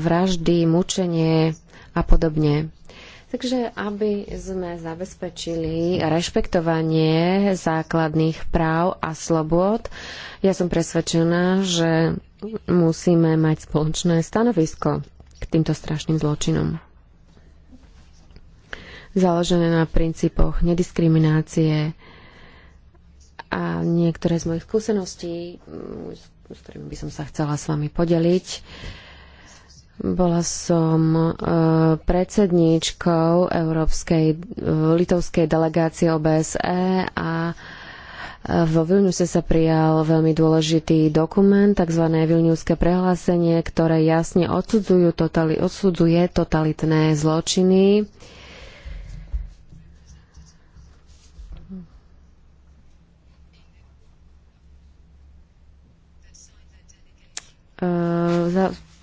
vraždy, mučenie a podobne. Takže aby sme zabezpečili rešpektovanie základných práv a slobôd, ja som presvedčená, že musíme mať spoločné stanovisko k týmto strašným zločinom. Založené na princípoch nediskriminácie a niektoré z mojich skúseností, s ktorými by som sa chcela s vami podeliť, bola som eh, predsedníčkou Európskej eh, litovskej delegácie OBSE a eh, vo Vilniuse sa prijal veľmi dôležitý dokument, tzv. Vilniuské prehlásenie, ktoré jasne odsudzujú totali, odsudzuje totalitné zločiny.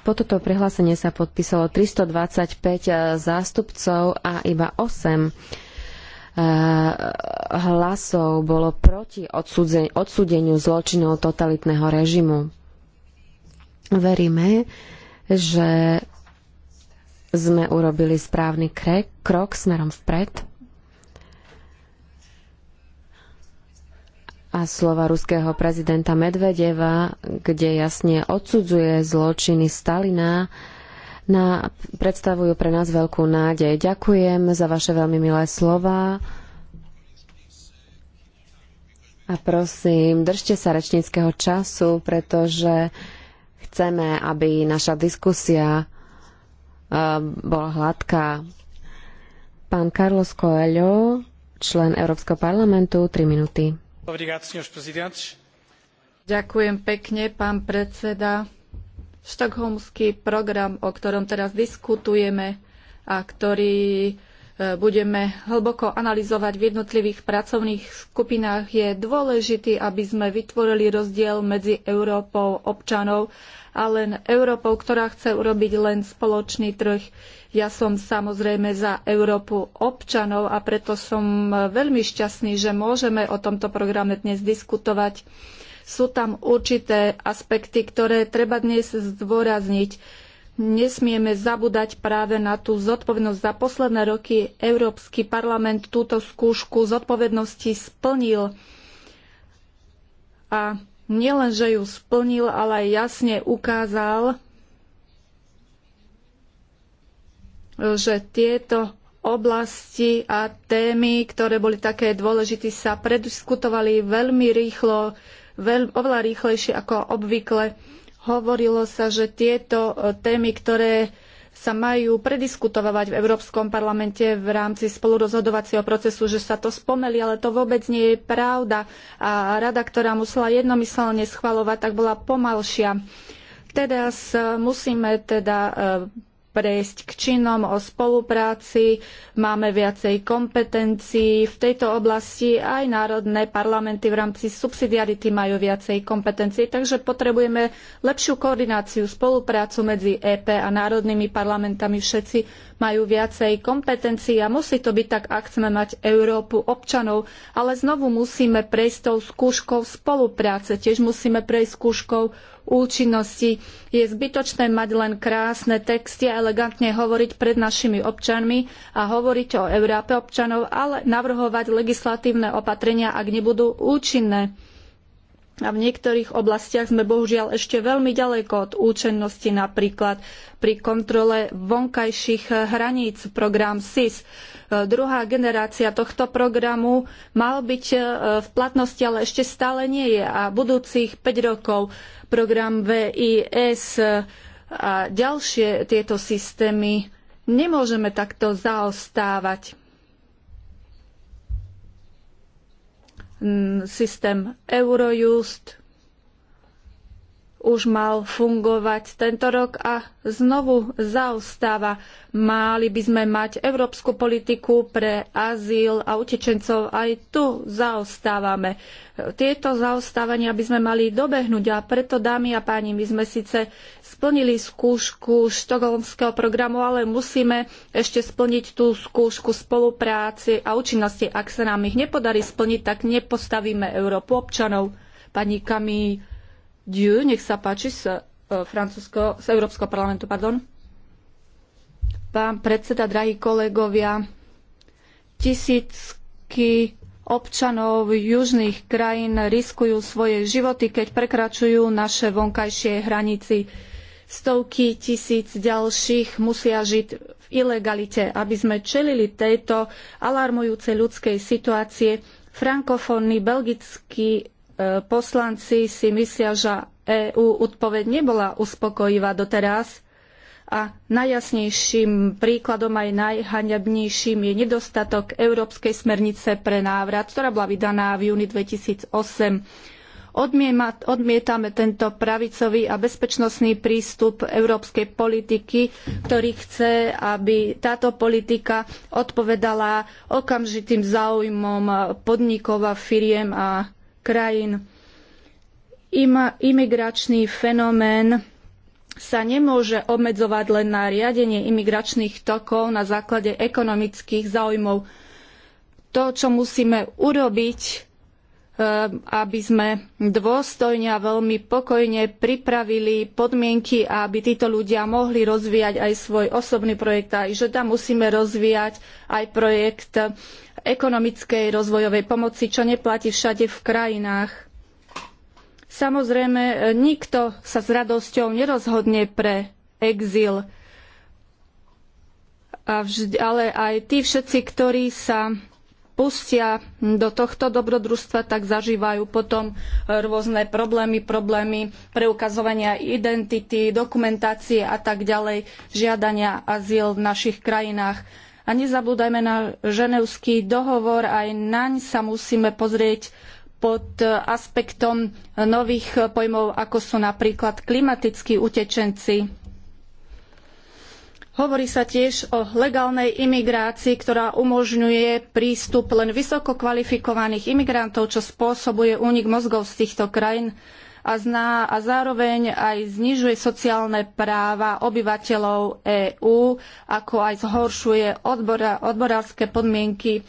Po toto prehlásenie sa podpísalo 325 eh, zástupcov a iba 8 eh, hlasov bolo proti odsúdeniu zločinov totalitného režimu. Veríme, že sme urobili správny krok smerom vpred a slova ruského prezidenta Medvedeva, kde jasne odsudzuje zločiny Stalina, na, predstavujú pre nás veľkú nádej. Ďakujem za vaše veľmi milé slova. A prosím, držte sa rečníckého času, pretože chceme, aby naša diskusia e, bola hladká. Pán Carlos Coelho, člen Európskeho parlamentu, 3 minúty. Ďakujem pekne, pán predseda. Štokholmský program, o ktorom teraz diskutujeme a ktorý e, budeme hlboko analyzovať v jednotlivých pracovných skupinách, je dôležitý, aby sme vytvorili rozdiel medzi Európou občanov a len Európou, ktorá chce urobiť len spoločný trh. Ja som samozrejme za Európu občanov a preto som veľmi šťastný, že môžeme o tomto programe dnes diskutovať. Sú tam určité aspekty, ktoré treba dnes zdôrazniť. Nesmieme zabúdať práve na tú zodpovednosť. Za posledné roky Európsky parlament túto skúšku zodpovednosti splnil. A nielen, že ju splnil, ale aj jasne ukázal, že tieto oblasti a témy, ktoré boli také dôležité, sa prediskutovali veľmi rýchlo, veľ, oveľa rýchlejšie ako obvykle. Hovorilo sa, že tieto e, témy, ktoré sa majú prediskutovať v Európskom parlamente v rámci spolurozhodovacieho procesu, že sa to spomeli, ale to vôbec nie je pravda. A rada, ktorá musela jednomyselne schvalovať, tak bola pomalšia. Teraz e, musíme teda e, prejsť k činom o spolupráci. Máme viacej kompetencií v tejto oblasti. Aj národné parlamenty v rámci subsidiarity majú viacej kompetencií, takže potrebujeme lepšiu koordináciu, spoluprácu medzi EP a národnými parlamentami. Všetci majú viacej kompetencií a musí to byť tak, ak chceme mať Európu občanov, ale znovu musíme prejsť tou skúškou spolupráce, tiež musíme prejsť skúškou účinnosti. Je zbytočné mať len krásne texty a elegantne hovoriť pred našimi občanmi a hovoriť o Európe občanov, ale navrhovať legislatívne opatrenia, ak nebudú účinné. A v niektorých oblastiach sme bohužiaľ ešte veľmi ďaleko od účinnosti, napríklad pri kontrole vonkajších hraníc, program SIS. E, druhá generácia tohto programu mal byť e, v platnosti, ale ešte stále nie je. A budúcich 5 rokov program VIS e, a ďalšie tieto systémy nemôžeme takto zaostávať Mm, systém Eurojust, už mal fungovať tento rok a znovu zaostáva. Mali by sme mať európsku politiku pre azyl a utečencov. Aj tu zaostávame. Tieto zaostávania by sme mali dobehnúť a preto, dámy a páni, my sme síce splnili skúšku štokholmského programu, ale musíme ešte splniť tú skúšku spolupráci a účinnosti. Ak sa nám ich nepodarí splniť, tak nepostavíme Európu občanov. Pani Kamí, Dieu, nech sa páči, z, uh, z Európskeho parlamentu. Pardon. Pán predseda, drahí kolegovia, tisícky občanov južných krajín riskujú svoje životy, keď prekračujú naše vonkajšie hranici. Stovky tisíc ďalších musia žiť v ilegalite. Aby sme čelili tejto alarmujúcej ľudskej situácie, frankofónny belgickí E, poslanci si myslia, že EÚ odpoveď nebola uspokojivá doteraz a najjasnejším príkladom aj najhaňabnejším je nedostatok Európskej smernice pre návrat, ktorá bola vydaná v júni 2008. Odmietame tento pravicový a bezpečnostný prístup európskej politiky, ktorý chce, aby táto politika odpovedala okamžitým záujmom podnikov a firiem a krajín. Ima, imigračný fenomén sa nemôže obmedzovať len na riadenie imigračných tokov na základe ekonomických záujmov. To, čo musíme urobiť, Eh, aby sme dôstojne a veľmi pokojne pripravili podmienky, aby títo ľudia mohli rozvíjať aj svoj osobný projekt, aj že tam musíme rozvíjať aj projekt ekonomickej rozvojovej pomoci, čo neplatí všade v krajinách. Samozrejme, eh, nikto sa s radosťou nerozhodne pre exil, ale aj tí všetci, ktorí sa pustia do tohto dobrodružstva, tak zažívajú potom rôzne problémy, problémy preukazovania identity, dokumentácie a tak ďalej, žiadania azyl v našich krajinách. A nezabúdajme na ženevský dohovor, aj naň sa musíme pozrieť pod aspektom nových pojmov, ako sú napríklad klimatickí utečenci Hovorí sa tiež o legálnej imigrácii, ktorá umožňuje prístup len vysoko kvalifikovaných imigrantov, čo spôsobuje únik mozgov z týchto krajín a, zná, a zároveň aj znižuje sociálne práva obyvateľov EÚ, ako aj zhoršuje odbora, odborárske podmienky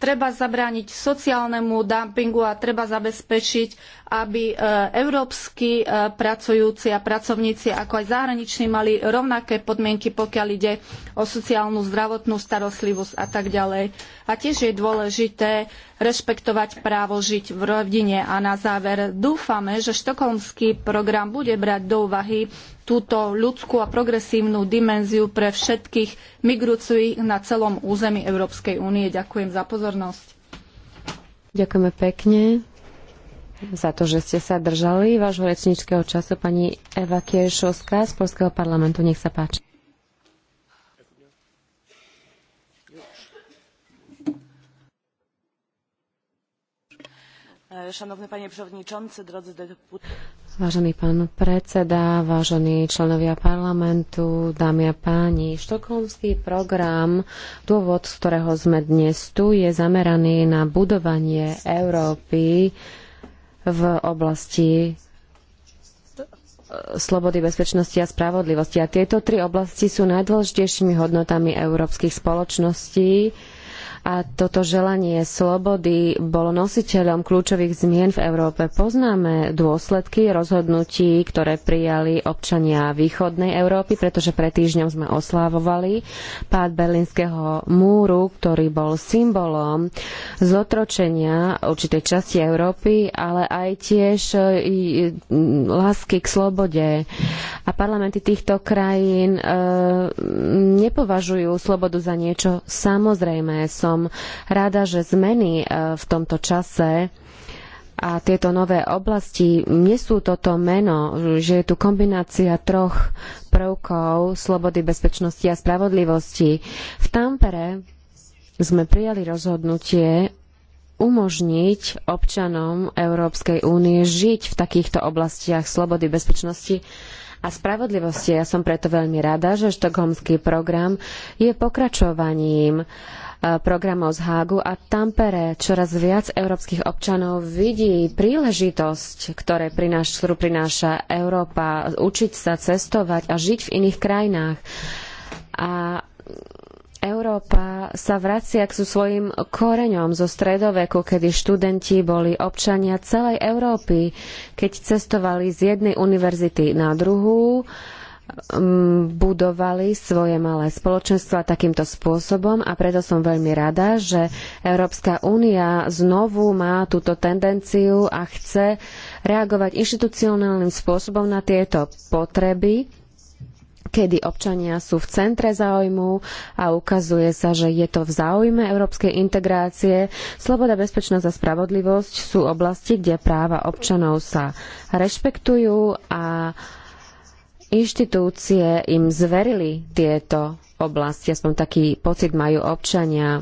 treba zabrániť sociálnemu dumpingu a treba zabezpečiť, aby e, európsky e, pracujúci a pracovníci, ako aj zahraniční, mali rovnaké podmienky, pokiaľ ide o sociálnu, zdravotnú starostlivosť a tak ďalej. A tiež je dôležité rešpektovať právo žiť v rodine. A na záver dúfame, že štokholmský program bude brať do úvahy túto ľudskú a progresívnu dimenziu pre všetkých migrujúcich na celom území Európskej únie. Ďakujem za pozornosť. Ďakujeme pekne za to, že ste sa držali vášho rečníckého času. Pani Eva Kiešovská z Polského parlamentu, nech sa páči. Szanowny panie przewodniczący, drodzy deputowani. Vážený pán predseda, vážení členovia parlamentu, dámy a páni, štokholmský program, dôvod, z ktorého sme dnes tu, je zameraný na budovanie Európy v oblasti e, slobody, bezpečnosti a spravodlivosti. A tieto tri oblasti sú najdôležitejšími hodnotami európskych spoločností a toto želanie slobody bolo nositeľom kľúčových zmien v Európe. Poznáme dôsledky rozhodnutí, ktoré prijali občania východnej Európy, pretože pred týždňom sme oslávovali pád berlínskeho múru, ktorý bol symbolom zotročenia určitej časti Európy, ale aj tiež lásky k slobode. A parlamenty týchto krajín e, nepovažujú slobodu za niečo samozrejme. Som som rada, že zmeny e, v tomto čase a tieto nové oblasti nesú toto meno, že je tu kombinácia troch prvkov slobody, bezpečnosti a spravodlivosti. V Tampere sme prijali rozhodnutie umožniť občanom Európskej únie žiť v takýchto oblastiach slobody, bezpečnosti a spravodlivosti. Ja som preto veľmi rada, že štokholmský program je pokračovaním uh, E, programov z Hágu a Tampere. Čoraz viac európskych občanov vidí príležitosť, ktoré prináš, ktorú prináša Európa, učiť sa cestovať a žiť v iných krajinách. A Európa sa vracia k svojim koreňom zo stredoveku, kedy študenti boli občania celej Európy, keď cestovali z jednej univerzity na druhú, budovali svoje malé spoločenstva takýmto spôsobom a preto som veľmi rada, že Európska únia znovu má túto tendenciu a chce reagovať inštitucionálnym spôsobom na tieto potreby kedy občania sú v centre záujmu a ukazuje sa, že je to v záujme európskej integrácie. Sloboda, bezpečnosť a spravodlivosť sú oblasti, kde práva občanov sa rešpektujú a uh, inštitúcie im zverili tieto oblasti, aspoň taký pocit majú občania.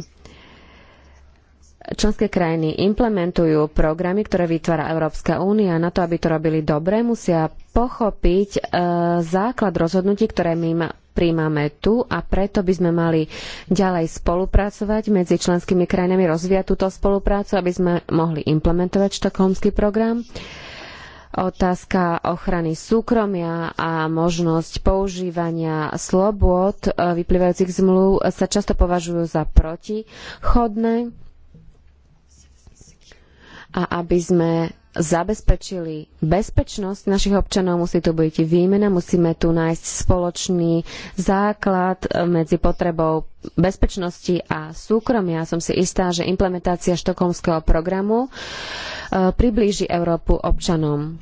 Členské krajiny implementujú programy, ktoré vytvára Európska únia. Na to, aby to robili dobre, musia pochopiť e, základ rozhodnutí, ktoré my príjmame tu a preto by sme mali ďalej spolupracovať medzi členskými krajinami, rozvíjať túto spoluprácu, aby sme mohli implementovať štokholmský program. E, otázka ochrany súkromia a možnosť používania slobôd e, vyplývajúcich zmluv sa často považujú za protichodné. A aby sme zabezpečili bezpečnosť našich občanov, musí tu byť výmena, musíme tu nájsť spoločný základ eh, medzi potrebou bezpečnosti a súkromia. Som si istá, že implementácia štokholmského programu eh, priblíži Európu občanom.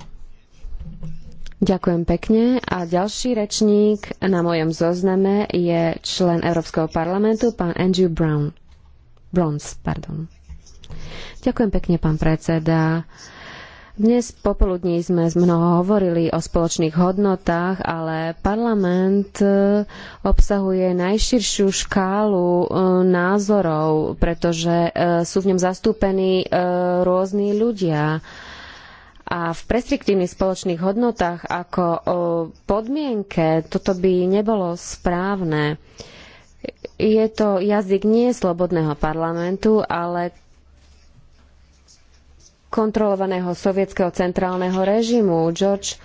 Ďakujem pekne. A ďalší rečník na mojom zozname je člen Európskeho parlamentu, pán Andrew Brown. Bronze, pardon. Ďakujem pekne, pán predseda. Dnes popoludní sme mnoho hovorili o spoločných hodnotách, ale parlament e, obsahuje najširšiu škálu e, názorov, pretože e, sú v ňom zastúpení rôzni ľudia. A v prestriktívnych spoločných hodnotách ako podmienke toto by nebolo správne. Je to jazyk nie slobodného parlamentu, ale kontrolovaného sovietskeho centrálneho režimu. George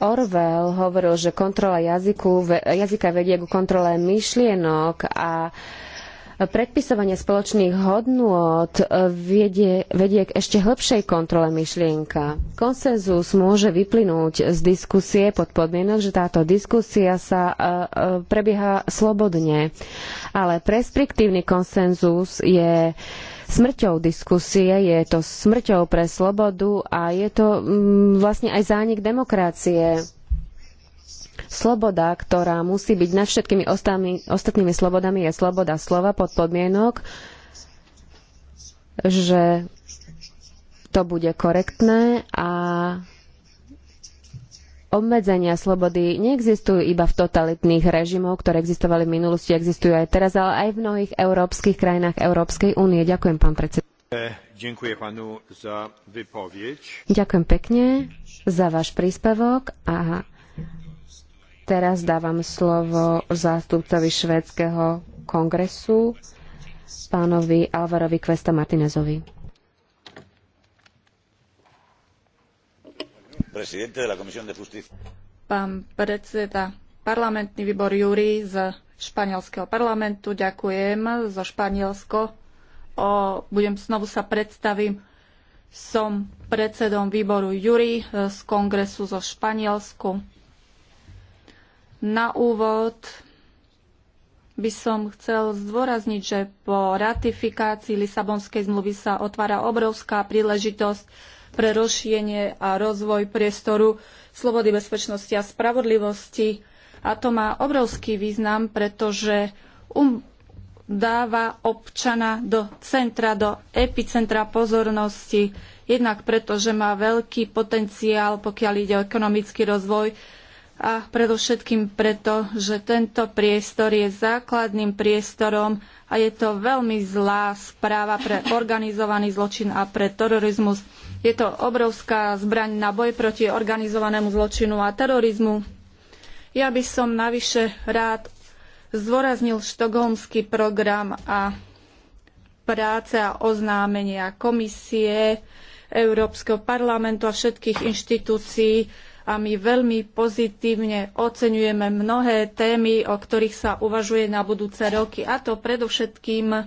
Orwell hovoril, že kontrola jazyku, jazyka vedie ku kontrole myšlienok a predpisovanie spoločných hodnôt vedie, vedie k ešte hĺbšej kontrole myšlienka. Konsenzus môže vyplynúť z diskusie pod podmienok, že táto diskusia sa e, e, prebieha slobodne. Ale preskriptívny konsenzus je smrťou diskusie, je to smrťou pre slobodu a je to mm, vlastne aj zánik demokracie. Sloboda, ktorá musí byť nad všetkými ostami, ostatnými slobodami, je sloboda slova pod podmienok, že to bude korektné a obmedzenia slobody neexistujú iba v totalitných režimoch, ktoré existovali v minulosti, existujú aj teraz, ale aj v mnohých európskych krajinách Európskej únie. Ďakujem, pán predseda. Eh, ďakujem pekne za váš príspevok a teraz dávam slovo zástupcovi švédskeho kongresu, pánovi Alvarovi Kvesta Martinezovi. Pán predseda, parlamentný výbor Júri z španielského parlamentu, ďakujem zo Španielsko. O, budem znovu sa predstavím. Som predsedom výboru Júri eh, z kongresu zo Španielsku. Na úvod by som chcel zdôrazniť, že po ratifikácii Lisabonskej zmluvy sa otvára obrovská príležitosť pre rozšírenie a rozvoj priestoru slobody, bezpečnosti a spravodlivosti. A to má obrovský význam, pretože um, dáva občana do centra, do epicentra pozornosti, jednak preto, že má veľký potenciál, pokiaľ ide o ekonomický rozvoj a predovšetkým preto, že tento priestor je základným priestorom a je to veľmi zlá správa pre organizovaný zločin a pre terorizmus. Je to obrovská zbraň na boj proti organizovanému zločinu a terorizmu. Ja by som navyše rád zdôraznil štokholmský program a práce a oznámenia komisie, Európskeho parlamentu a všetkých inštitúcií a my veľmi pozitívne oceňujeme mnohé témy, o ktorých sa uvažuje na budúce roky. A to predovšetkým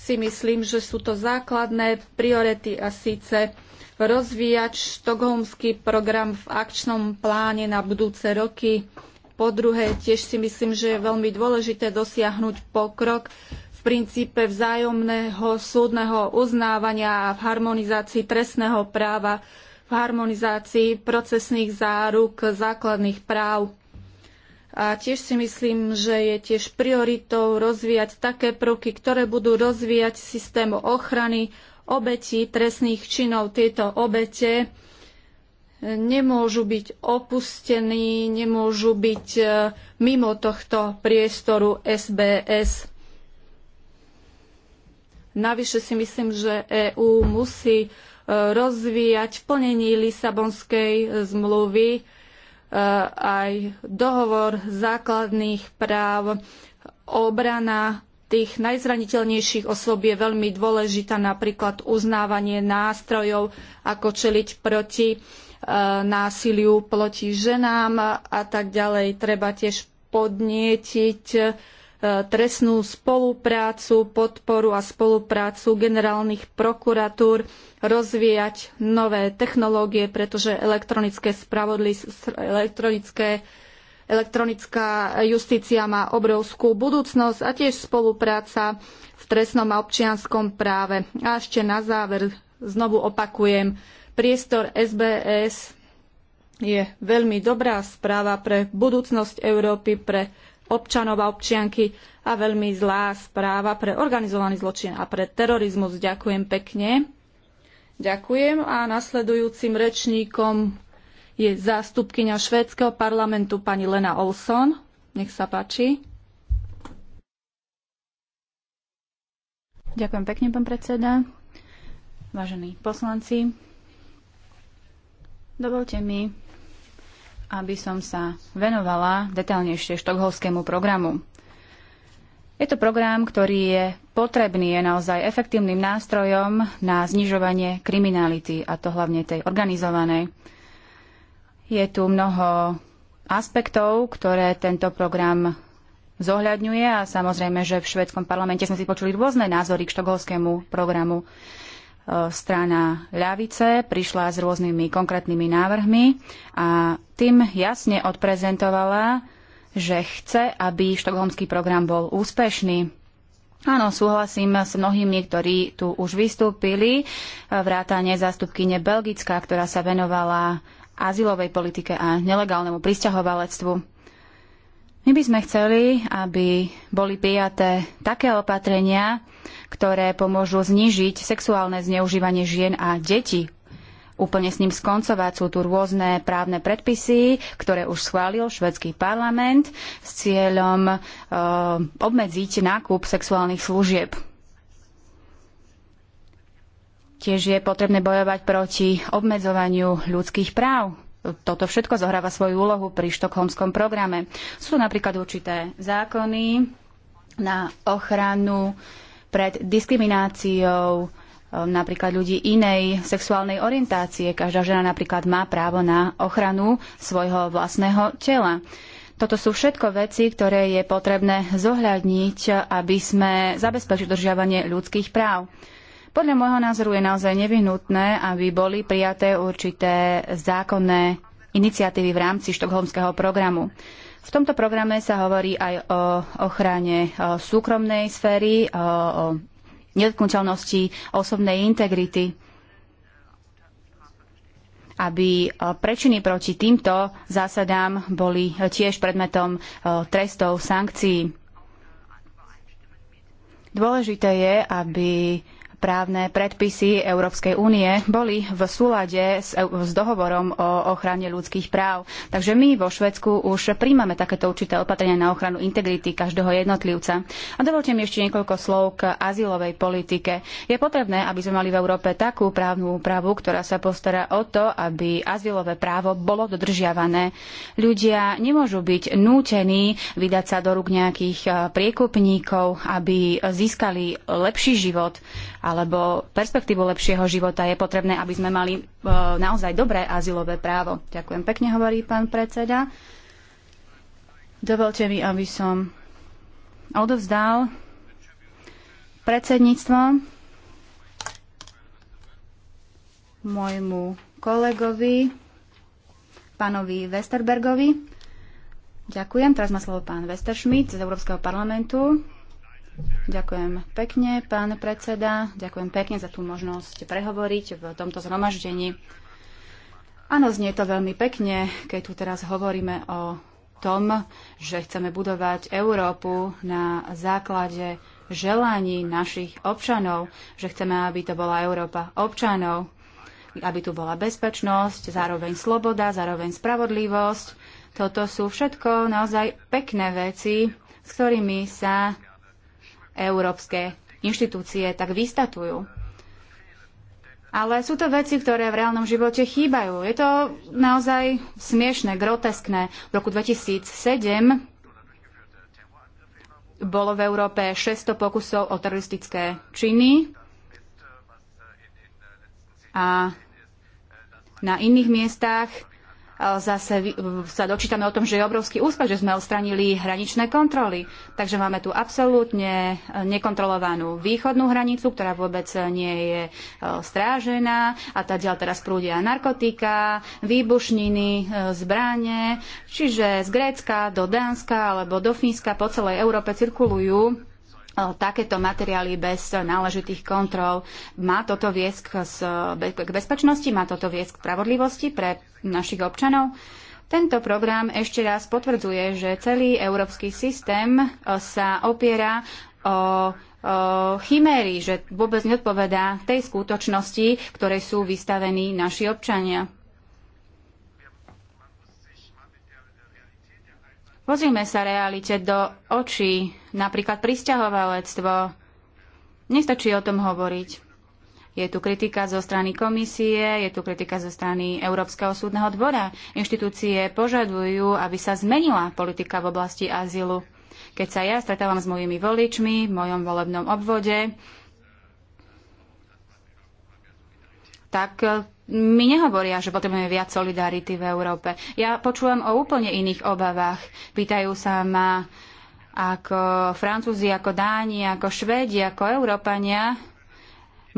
si myslím, že sú to základné priority a síce rozvíjať štokholmský program v akčnom pláne na budúce roky. Po druhé, tiež si myslím, že je veľmi dôležité dosiahnuť pokrok v princípe vzájomného súdneho uznávania a v harmonizácii trestného práva, v harmonizácii procesných záruk základných práv. A tiež si myslím, že je tiež prioritou rozvíjať také prvky, ktoré budú rozvíjať systém ochrany obetí trestných činov. Tieto obete e, nemôžu byť opustení, nemôžu byť e, mimo tohto priestoru SBS. Navyše si myslím, že EÚ musí e, rozvíjať v plnení Lisabonskej zmluvy aj dohovor základných práv, obrana tých najzraniteľnejších osôb je veľmi dôležitá napríklad uznávanie nástrojov, ako čeliť proti e, násiliu proti ženám a tak ďalej. Treba tiež podnietiť e, trestnú spoluprácu, podporu a spoluprácu generálnych prokuratúr, rozvíjať nové technológie, pretože elektronické spravodlivosti elektronické Elektronická justícia má obrovskú budúcnosť a tiež spolupráca v trestnom a občianskom práve. A ešte na záver znovu opakujem, priestor SBS je veľmi dobrá správa pre budúcnosť Európy, pre občanov a občianky a veľmi zlá správa pre organizovaný zločin a pre terorizmus. Ďakujem pekne. Ďakujem a nasledujúcim rečníkom je zástupkyňa švédskeho parlamentu pani Lena Olson. Nech sa páči. Ďakujem pekne, pán predseda. Vážení poslanci, dovolte mi, aby som sa venovala detaľnejšie štokholskému programu. Je to program, ktorý je potrebný, je naozaj efektívnym nástrojom na znižovanie kriminality, a to hlavne tej organizovanej. Je tu mnoho aspektov, ktoré tento program zohľadňuje a samozrejme, že v švedskom parlamente sme si počuli rôzne názory k štokholskému programu. E, strana ľavice prišla s rôznymi konkrétnymi návrhmi a tým jasne odprezentovala, že chce, aby štokholmský program bol úspešný. Áno, súhlasím s mnohými, ktorí tu už vystúpili, e, vrátane zástupkyne Belgická, ktorá sa venovala azylovej politike a nelegálnemu pristahovalectvu. My by sme chceli, aby boli prijaté také opatrenia, ktoré pomôžu znižiť sexuálne zneužívanie žien a detí úplne s ním skoncovať. Sú tu rôzne právne predpisy, ktoré už schválil švedský parlament s cieľom e, obmedziť nákup sexuálnych služieb. Tiež je potrebné bojovať proti obmedzovaniu ľudských práv. Toto všetko zohráva svoju úlohu pri štokholmskom programe. Sú napríklad určité zákony na ochranu pred diskrimináciou ehm, napríklad ľudí inej sexuálnej orientácie. Každá žena napríklad má právo na ochranu svojho vlastného tela. Toto sú všetko veci, ktoré je potrebné zohľadniť, aby sme zabezpečili dodržiavanie ľudských práv. Podľa môjho názoru je naozaj nevyhnutné, aby boli prijaté určité zákonné iniciatívy v rámci štokholmského programu. V tomto programe sa hovorí aj o ochrane súkromnej sféry, o nedotknutelnosti osobnej integrity aby prečiny proti týmto zásadám boli tiež predmetom trestov, sankcií. Dôležité je, aby právne predpisy Európskej únie boli v súlade s, s dohovorom o ochrane ľudských práv. Takže my vo Švedsku už príjmame takéto určité opatrenia na ochranu integrity každého jednotlivca. A dovolte mi ešte niekoľko slov k azylovej politike. Je potrebné, aby sme mali v Európe takú právnu úpravu, ktorá sa postará o to, aby azylové právo bolo dodržiavané. Ľudia nemôžu byť nútení vydať sa do rúk nejakých eh, priekupníkov, aby získali lepší život alebo perspektívu lepšieho života, je potrebné, aby sme mali e, naozaj dobré azylové právo. Ďakujem pekne, hovorí pán predseda. Dovolte mi, aby som odovzdal predsedníctvo môjmu kolegovi, pánovi Westerbergovi. Ďakujem. Teraz má slovo pán Westerschmidt z Európskeho parlamentu. Ďakujem pekne, pán predseda. Ďakujem pekne za tú možnosť prehovoriť v tomto zhromaždení. Áno, znie to veľmi pekne, keď tu teraz hovoríme o tom, že chceme budovať Európu na základe želaní našich občanov, že chceme, aby to bola Európa občanov, aby tu bola bezpečnosť, zároveň sloboda, zároveň spravodlivosť. Toto sú všetko naozaj pekné veci, s ktorými sa európske inštitúcie tak vystatujú. Ale sú to veci, ktoré v reálnom živote chýbajú. Je to naozaj smiešne, groteskné. V roku 2007 bolo v Európe 600 pokusov o teroristické činy a na iných miestach zase sa dočítame o tom, že je obrovský úspech, že sme odstranili hraničné kontroly. Takže máme tu absolútne e, nekontrolovanú východnú hranicu, ktorá vôbec e, nie je e, strážená a tá ďal teraz prúdia narkotika, výbušniny, zbranie, čiže z Grécka do Dánska alebo do Fínska po celej Európe cirkulujú takéto materiály bez náležitých kontrol. Má toto viesť k bezpečnosti, má toto viesť k spravodlivosti pre našich občanov? Tento program ešte raz potvrdzuje, že celý európsky systém sa opiera o chiméry, že vôbec neodpovedá tej skutočnosti, ktorej sú vystavení naši občania. Pozrime sa realite do očí, napríklad pristahovalectvo. Nestačí o tom hovoriť. Je tu kritika zo strany komisie, je tu kritika zo strany Európskeho súdneho dvora. Inštitúcie požadujú, aby sa zmenila politika v oblasti azylu. Keď sa ja stretávam s mojimi voličmi v mojom volebnom obvode, tak e, mi nehovoria, že potrebujeme viac solidarity v Európe. Ja počúvam o úplne iných obavách. Pýtajú sa ma ako Francúzi, ako Dáni, ako Švedi, ako Európania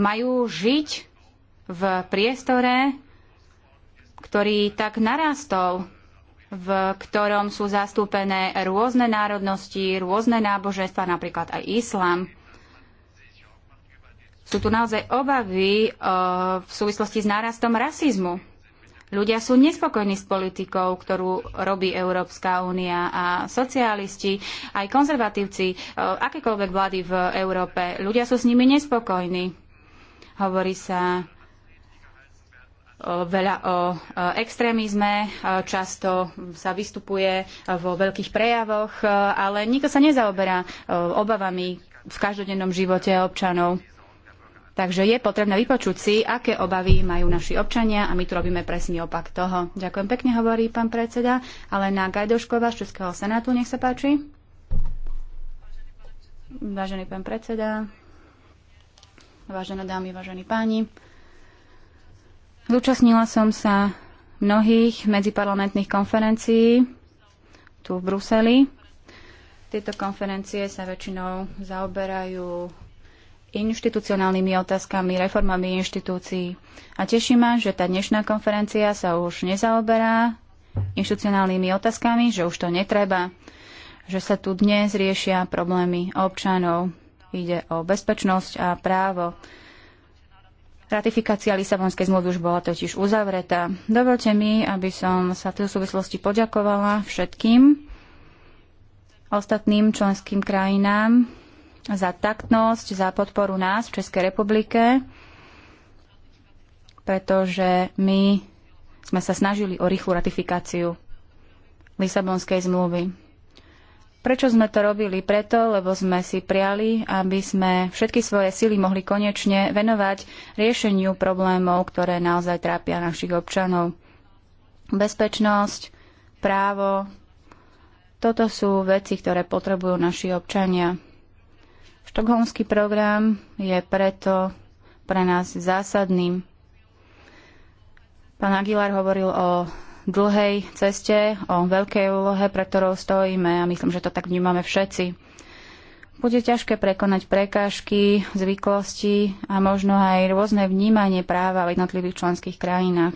majú žiť v priestore, ktorý tak narastol, v ktorom sú zastúpené rôzne národnosti, rôzne náboženstva, napríklad aj islám. Sú tu naozaj obavy eh, v súvislosti s nárastom rasizmu. Ľudia sú nespokojní s politikou, ktorú robí Európska únia a socialisti, aj konzervatívci, eh, akékoľvek vlády v Európe. Ľudia sú s nimi nespokojní. Hovorí sa eh, veľa o extrémizme, často sa vystupuje vo veľkých prejavoch, ale nikto sa nezaoberá obavami v každodennom živote občanov. Takže je potrebné vypočuť si, aké obavy majú naši občania a my tu robíme presný opak toho. Ďakujem pekne, hovorí pán predseda. Ale na Gajdoškova z Českého senátu, nech sa páči. Vážený pán predseda, vážené dámy, vážení páni, zúčastnila som sa mnohých medziparlamentných konferencií tu v Bruseli. Tieto konferencie sa väčšinou zaoberajú inštitucionálnymi otázkami, reformami inštitúcií. A teší ma, že tá dnešná konferencia sa už nezaoberá inštitucionálnymi otázkami, že už to netreba, že sa tu dnes riešia problémy občanov. Ide o bezpečnosť a právo. Ratifikácia Lisabonskej zmluvy už bola totiž uzavretá. Dovolte mi, aby som sa v tej súvislosti poďakovala všetkým ostatným členským krajinám, za taktnosť, za podporu nás v Českej republike, pretože my sme sa snažili o rýchlu ratifikáciu Lisabonskej zmluvy. Prečo sme to robili? Preto, lebo sme si priali, aby sme všetky svoje sily mohli konečne venovať riešeniu problémov, ktoré naozaj trápia našich občanov. Bezpečnosť, právo, toto sú veci, ktoré potrebujú naši občania. Štokholmský program je preto pre nás zásadným. Pán Aguilar hovoril o dlhej ceste, o veľkej úlohe, pre ktorou stojíme a myslím, že to tak vnímame všetci. Bude ťažké prekonať prekážky, zvyklosti a možno aj rôzne vnímanie práva v jednotlivých členských krajinách.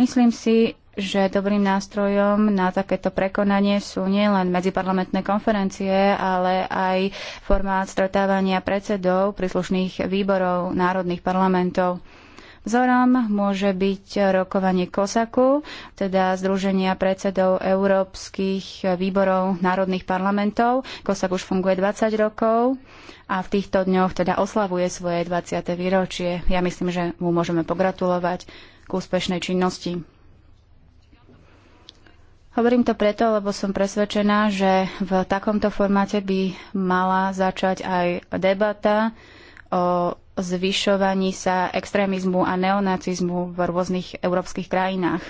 Myslím si, že dobrým nástrojom na takéto prekonanie sú nielen medziparlamentné konferencie, ale aj formát stretávania predsedov príslušných výborov národných parlamentov. Vzorom môže byť rokovanie Kosaku, teda Združenia predsedov európskych výborov národných parlamentov. COSAC už funguje 20 rokov a v týchto dňoch teda oslavuje svoje 20. výročie. Ja myslím, že mu môžeme pogratulovať k úspešnej činnosti. Hovorím to preto, lebo som presvedčená, že v takomto formáte by mala začať aj debata o zvyšovaní sa extrémizmu a neonacizmu v rôznych európskych krajinách.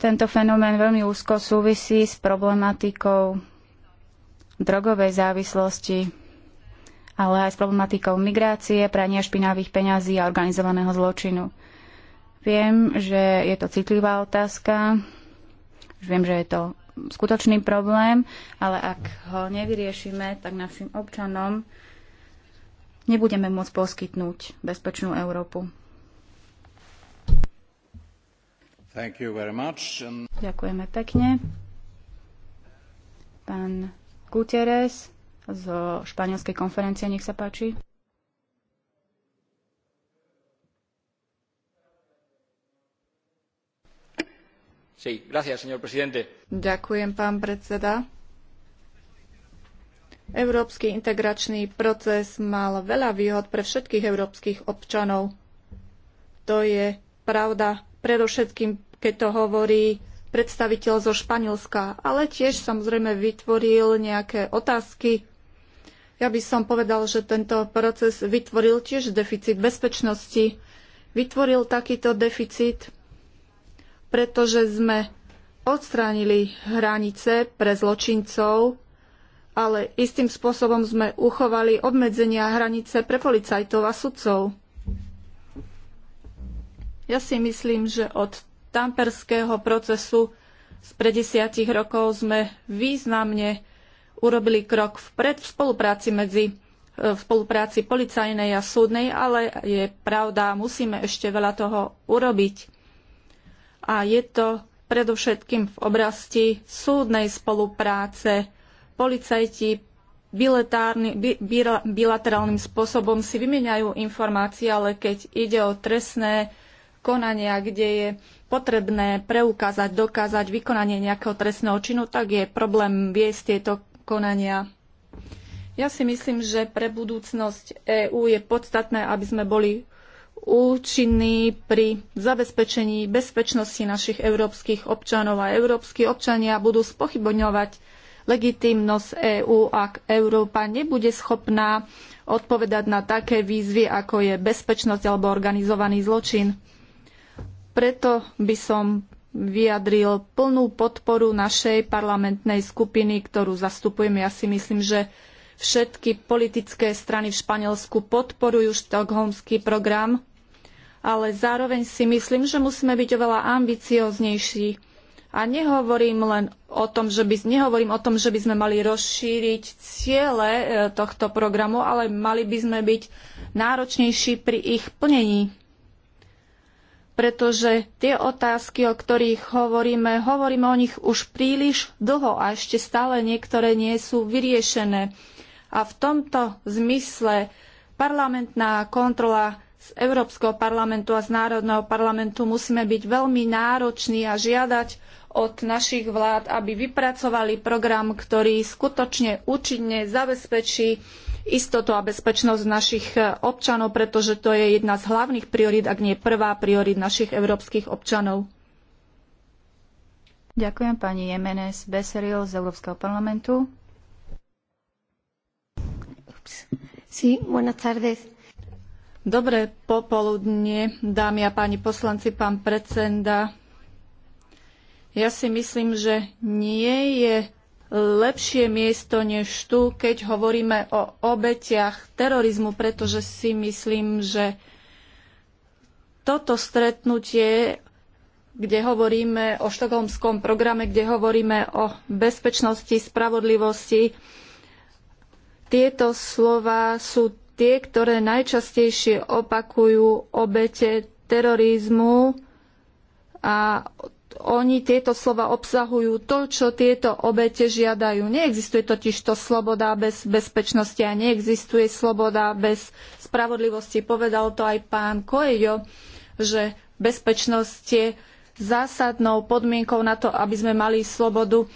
Tento fenomén veľmi úzko súvisí s problematikou drogovej závislosti, ale aj s problematikou migrácie, prania špinavých peňazí a organizovaného zločinu. Viem, že je to citlivá otázka, viem, že je to skutočný problém, ale ak ho nevyriešime, tak našim občanom nebudeme môcť poskytnúť bezpečnú Európu. Ďakujeme pekne. Pán Guterres zo Španielskej konferencie, nech sa páči. Ďakujem, pán predseda. Európsky integračný proces mal veľa výhod pre všetkých európskych občanov. To je pravda predovšetkým, keď to hovorí predstaviteľ zo Španielska, ale tiež samozrejme vytvoril nejaké otázky. Ja by som povedal, že tento proces vytvoril tiež deficit bezpečnosti. Vytvoril takýto deficit pretože sme odstránili hranice pre zločincov, ale istým spôsobom sme uchovali obmedzenia hranice pre policajtov a sudcov. Ja si myslím, že od tamperského procesu pred desiatich rokov sme významne urobili krok vpred v spolupráci medzi e, v spolupráci policajnej a súdnej, ale je pravda, musíme ešte veľa toho urobiť a je to predovšetkým v oblasti súdnej spolupráce. Policajti bilaterálnym spôsobom si vymieňajú informácie, ale keď ide o trestné konania, kde je potrebné preukázať, dokázať vykonanie nejakého trestného činu, tak je problém viesť tieto konania. Ja si myslím, že pre budúcnosť EÚ je podstatné, aby sme boli účinný pri zabezpečení bezpečnosti našich európskych občanov a európsky občania budú spochybňovať legitimnosť EÚ, ak Európa nebude schopná odpovedať na také výzvy, ako je bezpečnosť alebo organizovaný zločin. Preto by som vyjadril plnú podporu našej parlamentnej skupiny, ktorú zastupujem. Ja si myslím, že Všetky politické strany v Španielsku podporujú štokholmský program, ale zároveň si myslím, že musíme byť oveľa ambicioznejší. A nehovorím len o tom, že by, nehovorím o tom, že by sme mali rozšíriť ciele e, tohto programu, ale mali by sme byť náročnejší pri ich plnení. Pretože tie otázky, o ktorých hovoríme, hovoríme o nich už príliš dlho a ešte stále niektoré nie sú vyriešené. A v tomto zmysle parlamentná kontrola z Európskeho parlamentu a z Národného parlamentu musíme byť veľmi nároční a žiadať od našich vlád, aby vypracovali program, ktorý skutočne účinne zabezpečí istotu a bezpečnosť našich občanov, pretože to je jedna z hlavných priorít, ak nie prvá priorit našich európskych občanov. Ďakujem pani Jemenes Beseril z Európskeho parlamentu. Sí, buenas tardes. Dobré popoludne, dámy a páni poslanci, pán predseda. Ja si myslím, že nie je lepšie miesto než tu, keď hovoríme o obetiach terorizmu, pretože si myslím, že toto stretnutie, kde hovoríme o štokholmskom programe, kde hovoríme o bezpečnosti, spravodlivosti, tieto slova sú tie, ktoré najčastejšie opakujú obete terorizmu a oni tieto slova obsahujú to, čo tieto obete žiadajú. Neexistuje totiž to sloboda bez bezpečnosti a neexistuje sloboda bez spravodlivosti. Povedal to aj pán Koejo, že bezpečnosť je zásadnou podmienkou na to, aby sme mali slobodu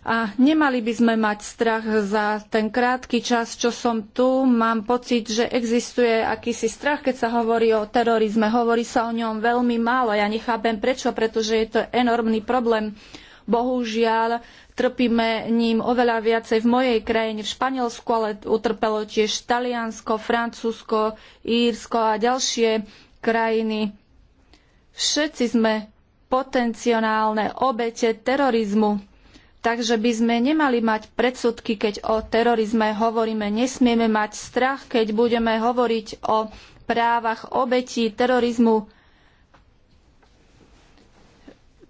a nemali by sme mať strach za ten krátky čas, čo som tu. Mám pocit, že existuje akýsi strach, keď sa hovorí o terorizme. Hovorí sa o ňom veľmi málo. Ja nechápem prečo, pretože je to enormný problém. Bohužiaľ, trpíme ním oveľa viacej v mojej krajine, v Španielsku, ale utrpelo tiež Taliansko, Francúzsko, Írsko a ďalšie krajiny. Všetci sme potenciálne obete terorizmu Takže by sme nemali mať predsudky, keď o terorizme hovoríme. Nesmieme mať strach, keď budeme hovoriť o právach obetí terorizmu.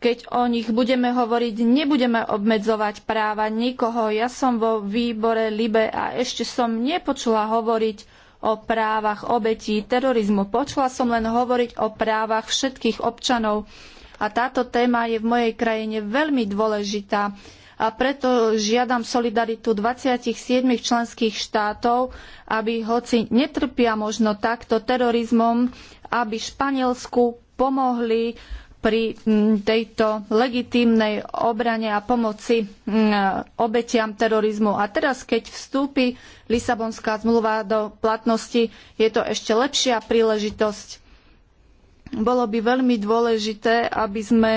Keď o nich budeme hovoriť, nebudeme obmedzovať práva nikoho. Ja som vo výbore Libe a ešte som nepočula hovoriť o právach obetí terorizmu. Počula som len hovoriť o právach všetkých občanov. A táto téma je v mojej krajine veľmi dôležitá a preto žiadam solidaritu 27 členských štátov, aby hoci netrpia možno takto terorizmom, aby Španielsku pomohli pri tejto legitímnej obrane a pomoci obetiam terorizmu. A teraz, keď vstúpi Lisabonská zmluva do platnosti, je to ešte lepšia príležitosť. Bolo by veľmi dôležité, aby sme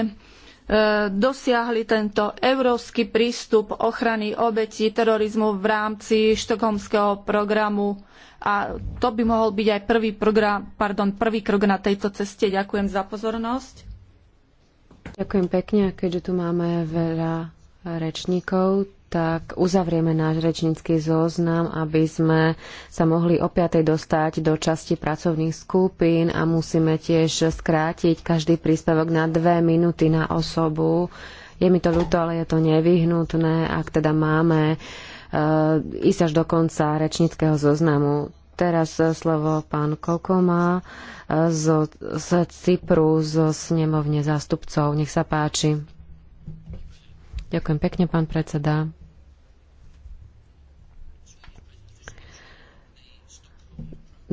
E, dosiahli tento európsky prístup ochrany obetí terorizmu v rámci štokholmského programu a to by mohol byť aj prvý, program, pardon, prvý krok na tejto ceste. Ďakujem za pozornosť. Ďakujem pekne, keďže tu máme veľa rečníkov, tak uzavrieme náš rečnícky zoznam, aby sme sa mohli o dostať do časti pracovných skupín a musíme tiež skrátiť každý príspevok na dve minúty na osobu. Je mi to ľúto, ale je to nevyhnutné, ak teda máme uh, ísť až do konca rečníckého zoznamu. Teraz slovo pán Kokoma eh, z, z Cypru, z snemovne zástupcov. Nech sa páči. Ďakujem pekne, pán predseda.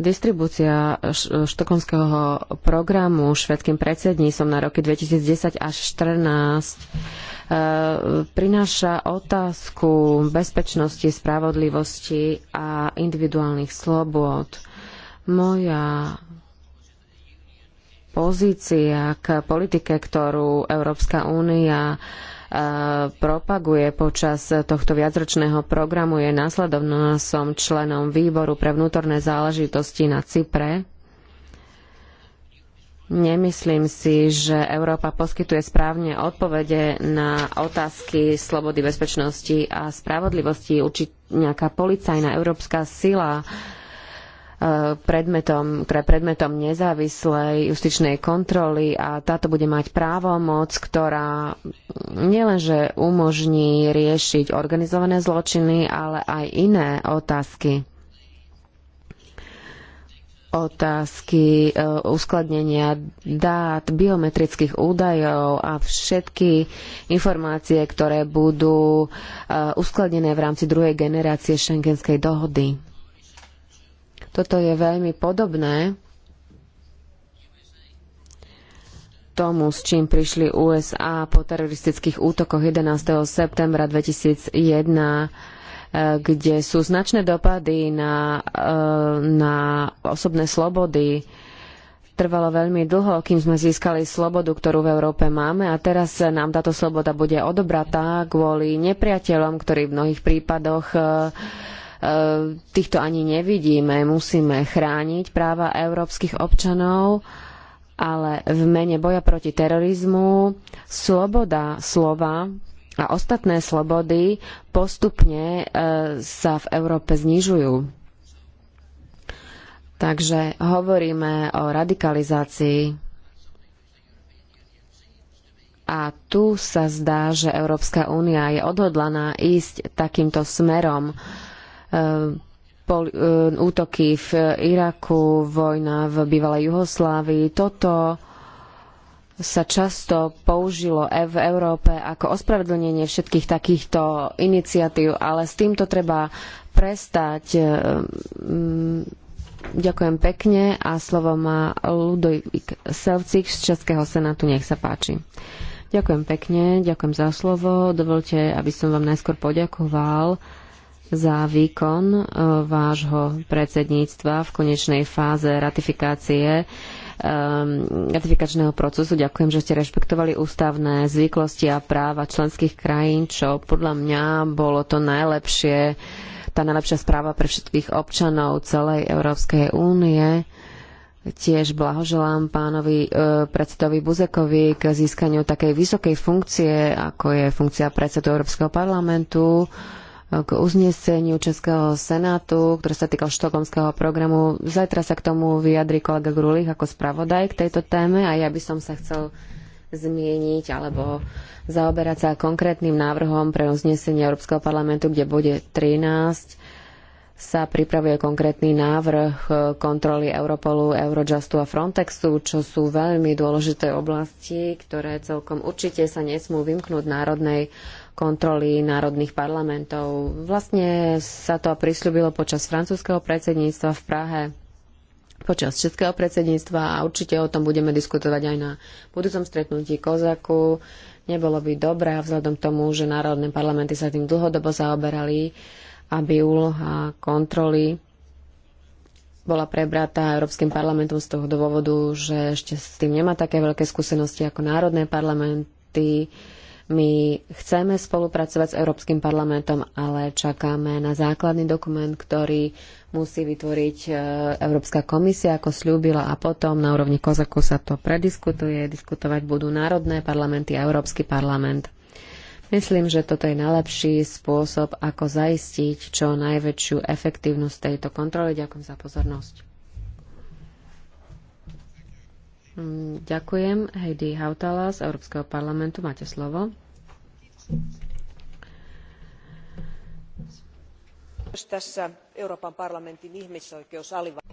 Distribúcia štokonského programu švedským predsedníctvom na roky 2010 až 2014 e, prináša otázku bezpečnosti, spravodlivosti a individuálnych slobôd. Moja pozícia k politike, ktorú Európska únia propaguje počas tohto viacročného programu je následovná. Som členom výboru pre vnútorné záležitosti na Cypre. Nemyslím si, že Európa poskytuje správne odpovede na otázky slobody, bezpečnosti a spravodlivosti. Určite nejaká policajná európska sila uh, predmetom, ktorá predmetom nezávislej justičnej kontroly a táto bude mať právomoc, ktorá nielenže umožní riešiť organizované zločiny, ale aj iné otázky otázky e, uskladnenia dát, biometrických údajov a všetky informácie, ktoré budú e, uskladnené v rámci druhej generácie šengenskej dohody. Toto je veľmi podobné tomu, s čím prišli USA po teroristických útokoch 11. septembra 2001, eh, kde sú značné dopady na, eh, na osobné slobody. Trvalo veľmi dlho, kým sme získali slobodu, ktorú v Európe máme a teraz nám táto sloboda bude odobratá kvôli nepriateľom, ktorí v mnohých prípadoch uh, Eh, týchto ani nevidíme. Musíme chrániť práva európskych občanov, ale v mene boja proti terorizmu sloboda slova a ostatné slobody postupne eh, sa v Európe znižujú. Takže hovoríme o radikalizácii. A tu sa zdá, že Európska únia je odhodlaná ísť takýmto smerom. Uh, Eh, eh, útoky v Iraku, vojna v bývalej Juhoslávii. Toto sa často použilo e- v Európe ako ospravedlnenie všetkých takýchto iniciatív, ale s týmto treba prestať. Eh, mm, ďakujem pekne a slovo má Ludovík Selcik z Českého senátu. Nech sa páči. Ďakujem pekne, ďakujem za slovo. Dovolte, aby som vám najskôr poďakoval za výkon e, vášho predsedníctva v konečnej fáze ratifikácie e, ratifikačného procesu. Ďakujem, že ste rešpektovali ústavné zvyklosti a práva členských krajín, čo podľa mňa bolo to najlepšie, tá najlepšia správa pre všetkých občanov celej Európskej únie. Tiež blahoželám pánovi e, predsedovi Buzekovi k získaniu takej vysokej funkcie, ako je funkcia predsedu Európskeho parlamentu. E, k uzneseniu Českého senátu, ktoré sa týkal štokomského programu. Zajtra sa k tomu vyjadri kolega Grulich ako spravodaj k tejto téme a ja by som sa chcel zmieniť alebo zaoberať sa konkrétnym návrhom pre uznesenie Európskeho parlamentu, kde bude 13 sa pripravuje konkrétny návrh kontroly Europolu, Eurojustu a Frontexu, čo sú veľmi dôležité oblasti, ktoré celkom určite sa nesmú vymknúť národnej kontroly národných parlamentov. Vlastne sa to prislúbilo počas francúzského predsedníctva v Prahe počas českého predsedníctva a určite o tom budeme diskutovať aj na budúcom stretnutí Kozaku. Nebolo by dobré, vzhľadom k tomu, že národné parlamenty sa tým dlhodobo zaoberali, aby úloha kontroly bola prebratá Európskym parlamentom z toho dôvodu, že ešte s tým nemá také veľké skúsenosti ako národné parlamenty. Uh, my chceme spolupracovať s Európskym parlamentom, ale čakáme na základný dokument, ktorý musí vytvoriť e, Európska komisia, ako slúbila, a potom na úrovni Kozaku sa to prediskutuje. Diskutovať budú národné parlamenty a Európsky parlament. Myslím, že toto je najlepší spôsob, ako zaistiť čo najväčšiu efektívnosť tejto kontroly. Ďakujem za pozornosť. Mm, ďakujem. Heidi Hautala z Európskeho parlamentu. Máte slovo.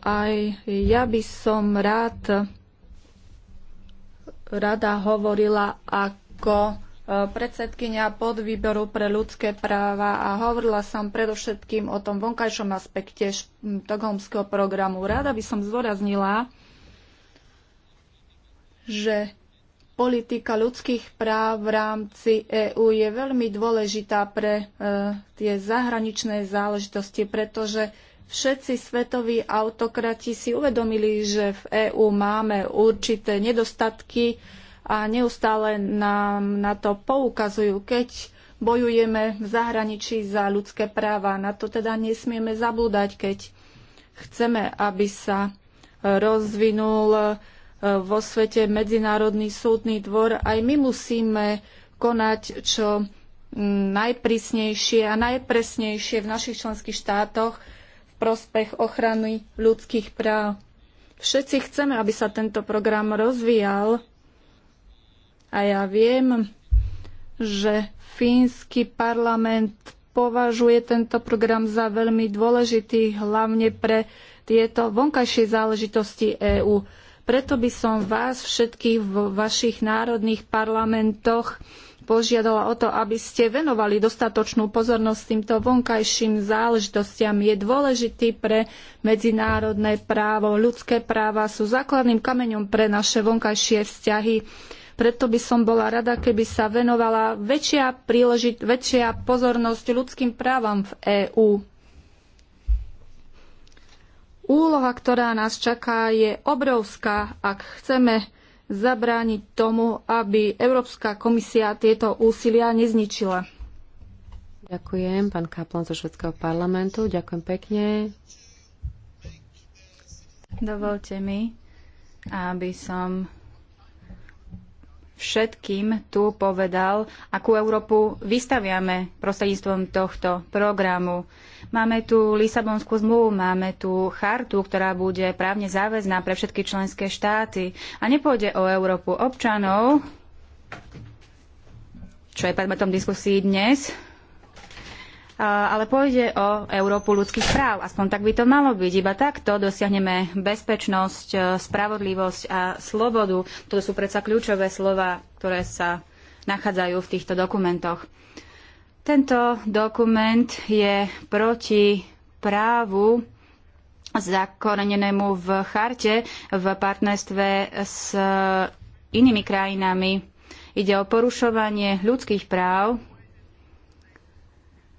Aj ja by som rád rada hovorila ako e, predsedkynia podvýboru pre ľudské práva a hovorila som predovšetkým o tom vonkajšom aspekte štokholmského programu. Rada by som zdôraznila, že politika ľudských práv v rámci EÚ je veľmi dôležitá pre e, tie zahraničné záležitosti, pretože všetci svetoví autokrati si uvedomili, že v EÚ máme určité nedostatky a neustále nám na to poukazujú, keď bojujeme v zahraničí za ľudské práva. Na to teda nesmieme zabúdať, keď chceme, aby sa rozvinul vo svete Medzinárodný súdny dvor, aj my musíme konať čo najprísnejšie a najpresnejšie v našich členských štátoch v prospech ochrany ľudských práv. Všetci chceme, aby sa tento program rozvíjal a ja viem, že fínsky parlament považuje tento program za veľmi dôležitý, hlavne pre tieto vonkajšie záležitosti EÚ preto by som vás všetkých v vašich národných parlamentoch požiadala o to, aby ste venovali dostatočnú pozornosť týmto vonkajším záležitostiam. Je dôležitý pre medzinárodné právo. Ľudské práva sú základným kameňom pre naše vonkajšie vzťahy. Preto by som bola rada, keby sa venovala väčšia, príležit, väčšia pozornosť ľudským právam v EÚ. Úloha, ktorá nás čaká, je obrovská, ak chceme zabrániť tomu, aby Európska komisia tieto úsilia nezničila. Ďakujem, pán Kaplan zo Švedského parlamentu. Ďakujem pekne. Dovolte mi, aby som všetkým tu povedal, akú Európu vystaviame prostredníctvom tohto programu. Máme tu Lisabonskú zmluvu, máme tu chartu, ktorá bude právne záväzná pre všetky členské štáty. A nepôjde o Európu občanov, čo je predmetom diskusí dnes, ale pôjde o Európu ľudských práv. Aspoň tak by to malo byť. Iba takto dosiahneme bezpečnosť, e, spravodlivosť a slobodu. To sú predsa kľúčové slova, ktoré sa nachádzajú v týchto dokumentoch. Tento dokument je proti právu zakorenenému v charte v partnerstve s inými krajinami. Ide o porušovanie ľudských práv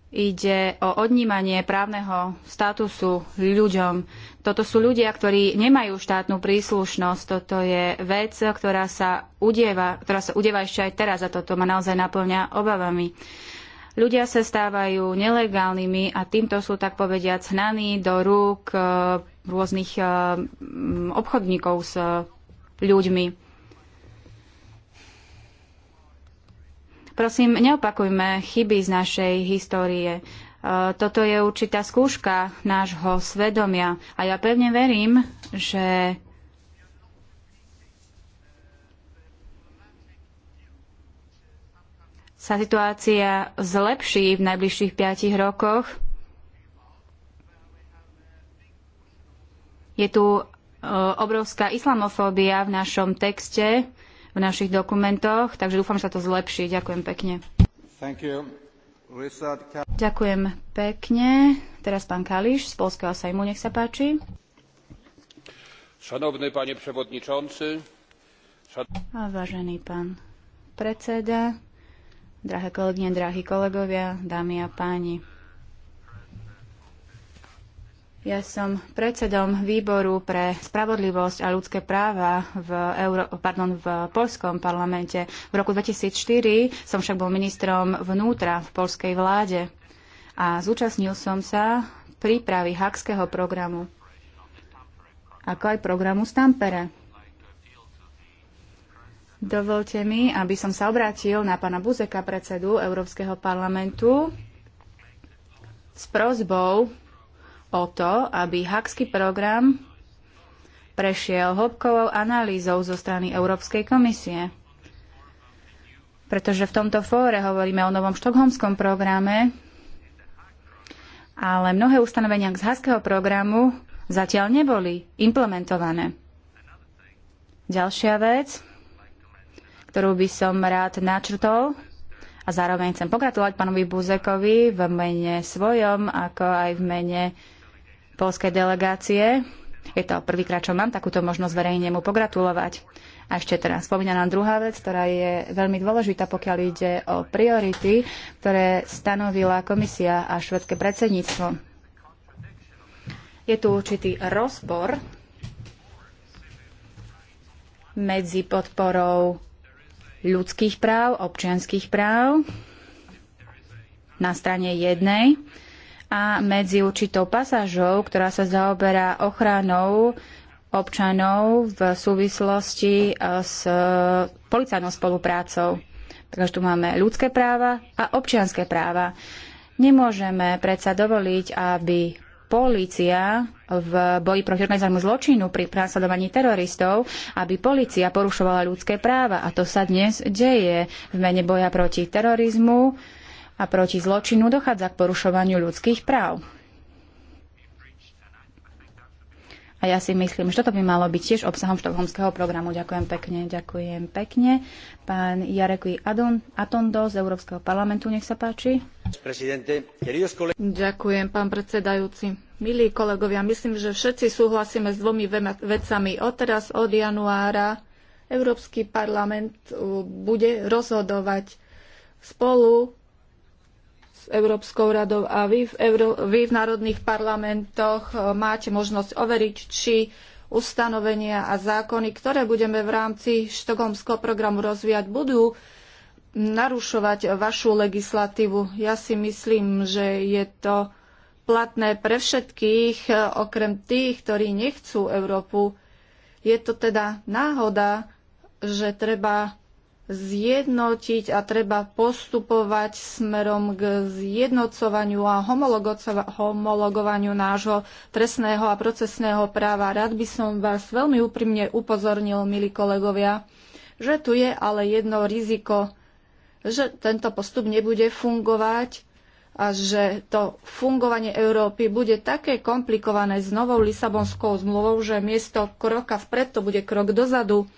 Ide o odnímanie právneho statusu ľuďom. Toto sú ľudia, ktorí nemajú štátnu príslušnosť. Toto je vec, ktorá sa udieva, ktorá sa udieva ešte aj teraz a toto ma naozaj naplňa obavami. Ľudia sa stávajú nelegálnymi a týmto sú tak povediať hnaní do rúk eh, rôznych eh, obchodníkov s ľuďmi. Prosím, neopakujme chyby z našej histórie. E, toto je určitá skúška nášho svedomia a ja pevne verím, že sa situácia zlepší v najbližších 5 rokoch. Je tu e, obrovská islamofóbia v našom texte v našich dokumentoch, takže dúfam, že sa to zlepší. Ďakujem pekne. Ďakujem pekne. Teraz pán Kališ z Polského sajmu, nech sa páči. Šanovný pane prevodničonci. Šan... A vážený pán predseda, drahé kolegyne, drahí kolegovia, dámy a páni. Ja som predsedom výboru pre spravodlivosť a ľudské práva v, Euro, pardon, v polskom parlamente. V roku 2004 som však bol ministrom vnútra v polskej vláde a zúčastnil som sa prípravy hakského programu, ako aj programu Stampere. Dovolte mi, aby som sa obrátil na pána Buzeka, predsedu Európskeho parlamentu, s prozbou o to, aby hakský program prešiel hĺbkovou analýzou zo strany Európskej komisie. Pretože v tomto fóre hovoríme o novom štokholmskom programe, ale mnohé ustanovenia z hakského programu zatiaľ neboli implementované. Ďalšia vec, ktorú by som rád načrtol, a zároveň chcem pogratulovať pánovi Buzekovi v mene svojom, ako aj v mene polskej delegácie. Je to prvýkrát, čo mám takúto možnosť verejne mu pogratulovať. A ešte teraz nám druhá vec, ktorá je veľmi dôležitá, pokiaľ ide o priority, ktoré stanovila komisia a švedské predsedníctvo. Je tu určitý rozpor medzi podporou ľudských práv, občianských práv na strane jednej a medzi určitou pasážou, ktorá sa zaoberá ochranou občanov v súvislosti e, s e, policajnou spoluprácou. Takže tu máme ľudské práva a občianské práva. Nemôžeme predsa dovoliť, aby polícia v boji proti organizovanému zločinu pri prenasledovaní teroristov, aby polícia porušovala ľudské práva. A to sa dnes deje v mene boja proti terorizmu a proti zločinu dochádza k porušovaniu ľudských práv. A ja si myslím, že toto by malo byť tiež obsahom štokholmského programu. Ďakujem pekne, ďakujem pekne. Pán Jarekuj Adon, Atondo z Európskeho parlamentu, nech sa páči. Ďakujem, pán predsedajúci. Milí kolegovia, myslím, že všetci súhlasíme s dvomi vecami. Od teraz, od januára, Európsky parlament bude rozhodovať spolu Európskou radou a vy v, Euró- vy v národných parlamentoch e, máte možnosť overiť, či ustanovenia a zákony, ktoré budeme v rámci štokholmského programu rozvíjať, budú narušovať vašu legislatívu. Ja si myslím, že je to platné pre všetkých, e, okrem tých, ktorí nechcú Európu. Je to teda náhoda, že treba zjednotiť a treba postupovať smerom k zjednocovaniu a homologovaniu nášho trestného a procesného práva. Rád by som vás veľmi úprimne upozornil, milí kolegovia, že tu je ale jedno riziko, že tento postup nebude fungovať a že to fungovanie Európy bude také komplikované s novou Lisabonskou zmluvou, že miesto kroka vpred to bude krok dozadu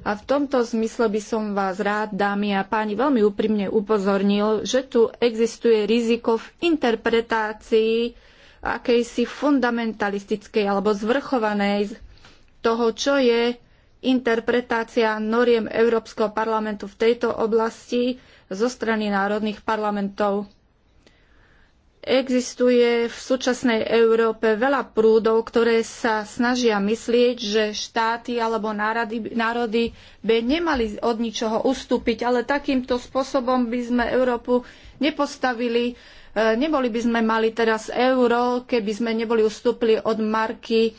a v tomto zmysle by som vás rád, dámy a páni, veľmi úprimne upozornil, že tu existuje riziko v interpretácii akejsi fundamentalistickej alebo zvrchovanej toho, čo je interpretácia noriem Európskeho parlamentu v tejto oblasti zo strany národných parlamentov. Existuje v súčasnej Európe veľa prúdov, ktoré sa snažia myslieť, že štáty alebo národy, národy by nemali od ničoho ustúpiť, ale takýmto spôsobom by sme Európu nepostavili. E, neboli by sme mali teraz euro, keby sme neboli ustúpili od marky e,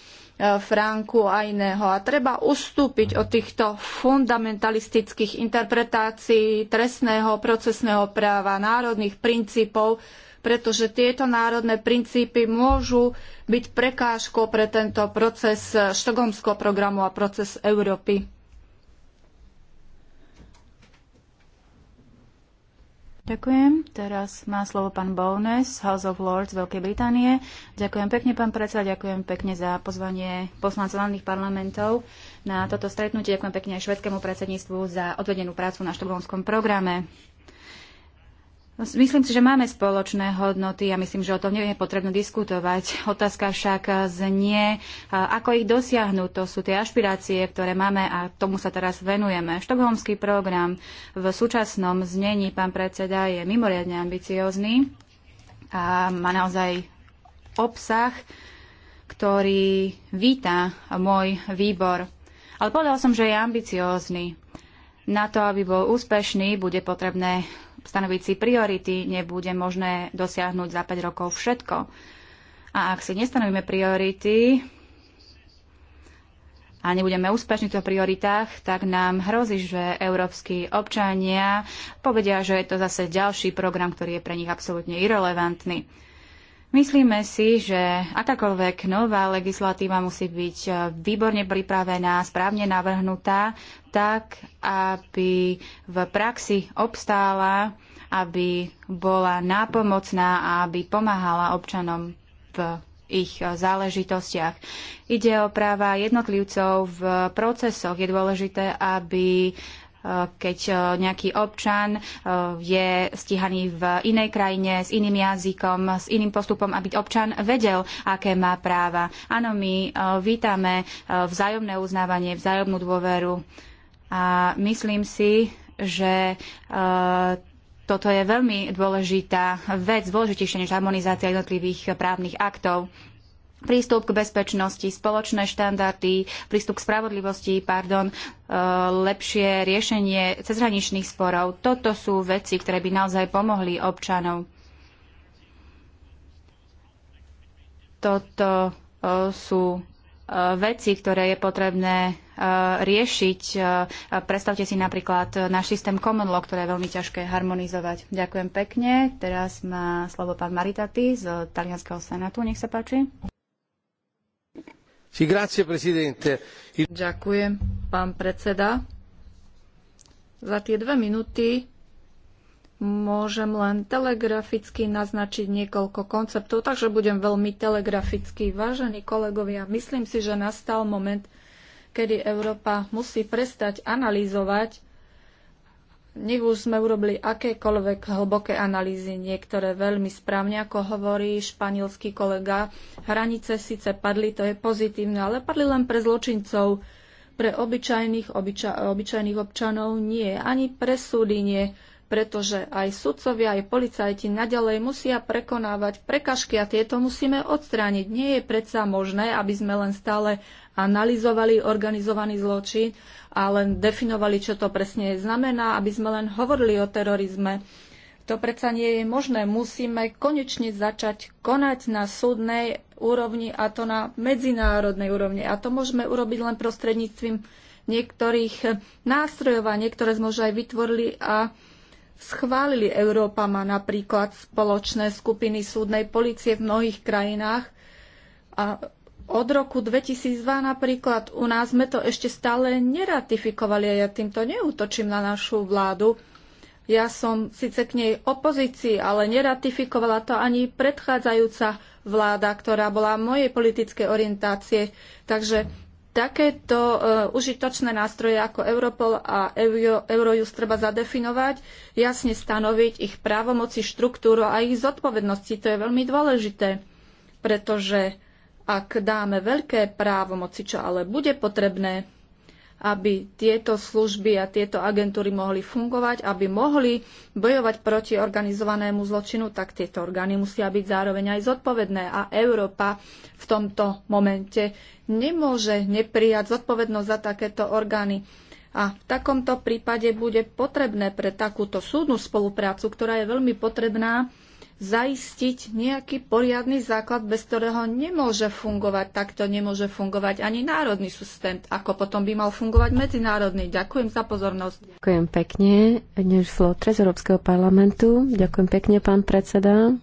Franku a iného. A treba ustúpiť od týchto fundamentalistických interpretácií trestného procesného práva, národných princípov, pretože tieto národné princípy môžu byť prekážkou pre tento proces štokholmského programu a proces Európy. Ďakujem. Teraz má slovo pán Bowness, House of Lords Veľkej Británie. Ďakujem pekne, pán predseda, ďakujem pekne za pozvanie poslancov hlavných parlamentov na toto stretnutie. Ďakujem pekne aj švedskému predsedníctvu za odvedenú prácu na štokholmskom programe. Myslím si, že máme spoločné hodnoty a myslím, že o tom nie je potrebné diskutovať. Otázka však znie, ako ich dosiahnuť. To sú tie ašpirácie, ktoré máme a tomu sa teraz venujeme. Štokholmský program v súčasnom znení, pán predseda, je mimoriadne ambiciózny a má naozaj obsah, ktorý víta môj výbor. Ale povedal som, že je ambiciózny. Na to, aby bol úspešný, bude potrebné stanoviť si priority, nebude možné dosiahnuť za 5 rokov všetko. A ak si nestanovíme priority a nebudeme úspešní v prioritách, tak nám hrozí, že európsky občania povedia, že je to zase ďalší program, ktorý je pre nich absolútne irrelevantný. Myslíme si, že akákoľvek nová legislatíva musí byť e, výborne pripravená, správne navrhnutá, tak, aby v praxi obstála, aby bola nápomocná a aby pomáhala občanom v ich e, záležitostiach. Ide o práva jednotlivcov v procesoch. Je dôležité, aby keď e, nejaký občan e, je stíhaný v inej krajine s iným jazykom, s iným postupom, aby občan vedel, aké má práva. Áno, my e, vítame vzájomné uznávanie, vzájomnú dôveru a myslím si, že toto je veľmi dôležitá vec, dôležitejšia než harmonizácia jednotlivých právnych aktov prístup k bezpečnosti, spoločné štandardy, prístup k spravodlivosti, pardon, e, lepšie riešenie cezhraničných sporov. Toto sú veci, ktoré by naozaj pomohli občanov. Toto e, sú e, veci, ktoré je potrebné riešiť. Predstavte si napríklad náš systém Common Law, ktoré je veľmi ťažké harmonizovať. Ďakujem pekne. Teraz má slovo pán Maritati z Talianského senátu. Nech sa páči. Ďakujem, pán predseda. Za tie dve minúty môžem len telegraficky naznačiť niekoľko konceptov, takže budem veľmi telegrafický. Vážení kolegovia, myslím si, že nastal moment, kedy Európa musí prestať analyzovať nech už sme urobili akékoľvek hlboké analýzy, niektoré veľmi správne, ako hovorí španielský kolega, hranice síce padli, to je pozitívne, ale padli len pre zločincov, pre obyčajných, obyča, obyčajných občanov nie, ani pre súdy nie, pretože aj sudcovia, aj policajti naďalej musia prekonávať prekažky a tieto musíme odstrániť. Nie je predsa možné, aby sme len stále analyzovali organizovaný zločin a len definovali, čo to presne znamená, aby sme len hovorili o terorizme. To predsa nie je možné. Musíme konečne začať konať na súdnej úrovni a to na medzinárodnej úrovni. A to môžeme urobiť len prostredníctvom niektorých nástrojov a niektoré sme už aj vytvorili a schválili. Európa má napríklad spoločné skupiny súdnej policie v mnohých krajinách a od roku 2002 napríklad u nás sme to ešte stále neratifikovali a ja týmto neútočím na našu vládu. Ja som síce k nej opozícii, ale neratifikovala to ani predchádzajúca vláda, ktorá bola mojej politickej orientácie. Takže takéto e, užitočné nástroje ako Europol a Eurojust treba zadefinovať, jasne stanoviť ich právomoci, štruktúru a ich zodpovednosti. To je veľmi dôležité, pretože ak dáme veľké právomoci, čo ale bude potrebné, aby tieto služby a tieto agentúry mohli fungovať, aby mohli bojovať proti organizovanému zločinu, tak tieto orgány musia byť zároveň aj zodpovedné. A Európa v tomto momente nemôže neprijať zodpovednosť za takéto orgány. A v takomto prípade bude potrebné pre takúto súdnu spoluprácu, ktorá je veľmi potrebná, zaistiť nejaký poriadny základ, bez ktorého nemôže fungovať, takto nemôže fungovať ani národný systém, ako potom by mal fungovať medzinárodný. Ďakujem za pozornosť. Ďakujem pekne. Dnes slovo Európskeho parlamentu. Ďakujem pekne, pán predseda.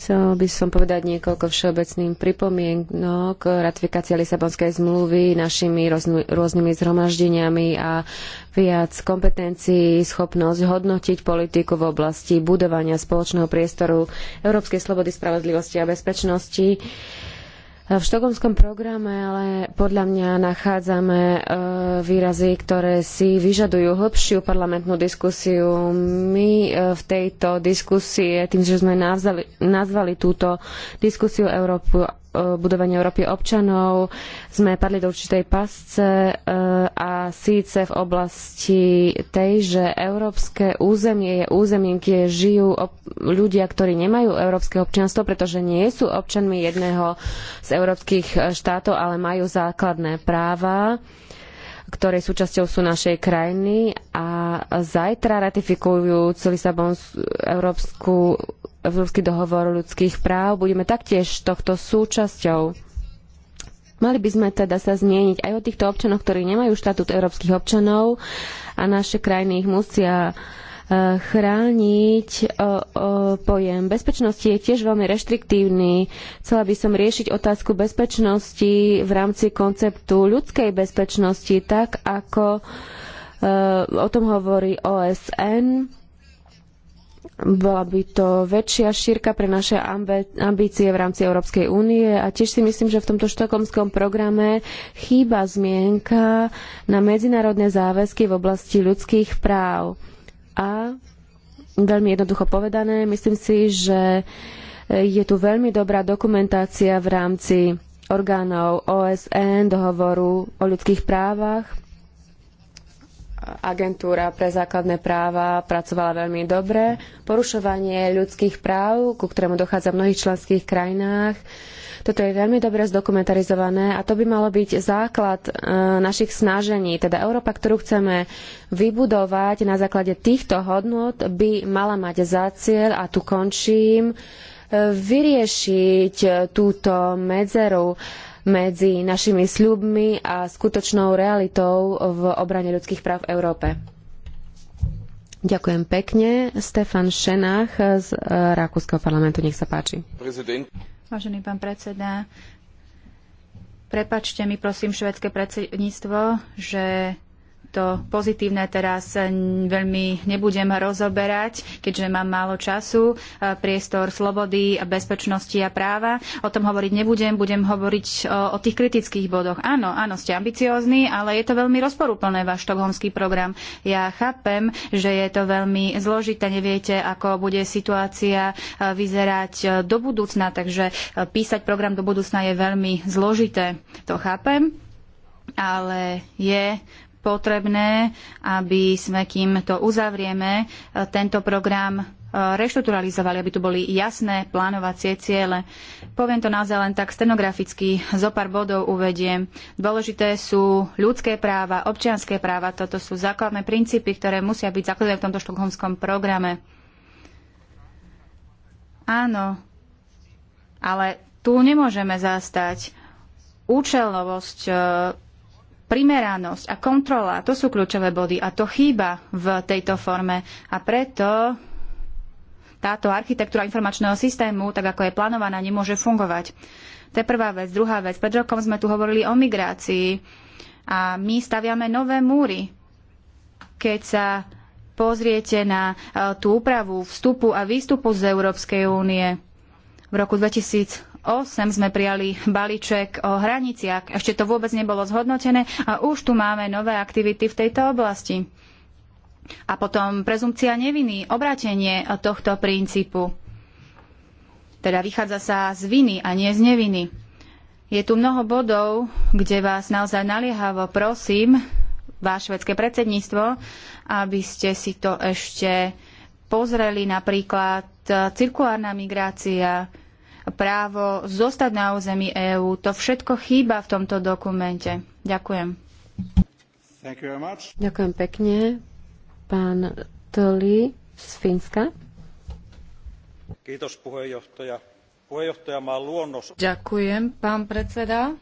Chcel by som povedať niekoľko všeobecným pripomienok. Ratifikácia Lisabonskej zmluvy našimi rôznymi zhromaždeniami a viac kompetencií, schopnosť hodnotiť politiku v oblasti budovania spoločného priestoru európskej slobody, spravodlivosti a bezpečnosti v štokholmskom programe ale podľa mňa nachádzame e, výrazy, ktoré si vyžadujú hlbšiu parlamentnú diskusiu. My e, v tejto diskusii, tým, že sme nazvali, nazvali túto diskusiu Európu budovanie Európy občanov sme padli do určitej pasce eh, a síce v oblasti tej, že európske územie je územím, kde žijú ľudia, ktorí nemajú európske občianstvo, pretože nie sú občanmi jedného z európskych eh, štátov, ale majú základné práva ktorej súčasťou sú našej krajiny a zajtra ratifikujú Lisabonskú Európsky dohovor ľudských práv. Budeme taktiež tohto súčasťou. Mali by sme teda sa zmieniť aj o týchto občanoch, ktorí nemajú štatút európskych občanov a naše krajiny ich musia uh, chrániť e, e, pojem bezpečnosti je tiež veľmi reštriktívny. Chcela by som riešiť otázku bezpečnosti v rámci konceptu ľudskej bezpečnosti, tak ako e, o tom hovorí OSN. Bola by to väčšia šírka pre naše ambície v rámci Európskej únie a tiež si myslím, že v tomto štokomskom programe chýba zmienka na medzinárodné záväzky v oblasti ľudských práv. A veľmi jednoducho povedané, myslím si, že je tu veľmi dobrá dokumentácia v rámci orgánov OSN, dohovoru o ľudských právach. Agentúra pre základné práva pracovala veľmi dobre. Porušovanie ľudských práv, ku ktorému dochádza v mnohých členských krajinách, toto je veľmi dobre zdokumentarizované a to by malo byť základ e, našich snažení. Teda Európa, ktorú chceme vybudovať na základe týchto hodnot, by mala mať za cieľ, a tu končím, e, vyriešiť túto medzeru medzi našimi sľubmi a skutočnou realitou v obrane ľudských práv v Európe. Ďakujem pekne. Stefan Šenach z e, Rakúskeho parlamentu, nech sa páči. Prezident. Vážený pán predseda, prepačte mi prosím švedské predsedníctvo, že to pozitívne teraz veľmi nebudem rozoberať, keďže mám málo času, e, priestor slobody, bezpečnosti a práva. O tom hovoriť nebudem, budem hovoriť o, o tých kritických bodoch. Áno, áno, ste ambiciózni, ale je to veľmi rozporúplné váš štokholmský program. Ja chápem, že je to veľmi zložité, neviete, ako bude situácia e, vyzerať e, do budúcna, takže písať program do budúcna je veľmi zložité. To chápem ale je potrebné, aby sme, kým to uzavrieme, e, tento program e, reštrukturalizovali, aby tu boli jasné plánovacie ciele. Poviem to naozaj len tak stenograficky, zo pár bodov uvediem. Dôležité sú ľudské práva, občianské práva, toto sú základné princípy, ktoré musia byť zakladané v tomto štokholmskom programe. Áno, ale tu nemôžeme zastať účelnovosť e, primeranosť a kontrola, to sú kľúčové body a to chýba v tejto forme. A preto táto architektúra informačného systému, tak ako je plánovaná, nemôže fungovať. To je prvá vec. Druhá vec. Pred rokom sme tu hovorili o migrácii a my staviame nové múry. Keď sa pozriete na eh, tú úpravu vstupu a výstupu z Európskej únie v roku 2000, sme prijali balíček o hraniciach. Ešte to vôbec nebolo zhodnotené a už tu máme nové aktivity v tejto oblasti. A potom prezumcia neviny, obrátenie tohto princípu. Teda vychádza sa z viny a nie z neviny. Je tu mnoho bodov, kde vás naozaj naliehavo prosím, váš švedské predsedníctvo, aby ste si to ešte pozreli, napríklad cirkulárna migrácia, právo zostať na území EÚ. To všetko chýba v tomto dokumente. Ďakujem. Ďakujem pekne. Pán Toli z Fínska. luonnos. Ďakujem, pán predseda.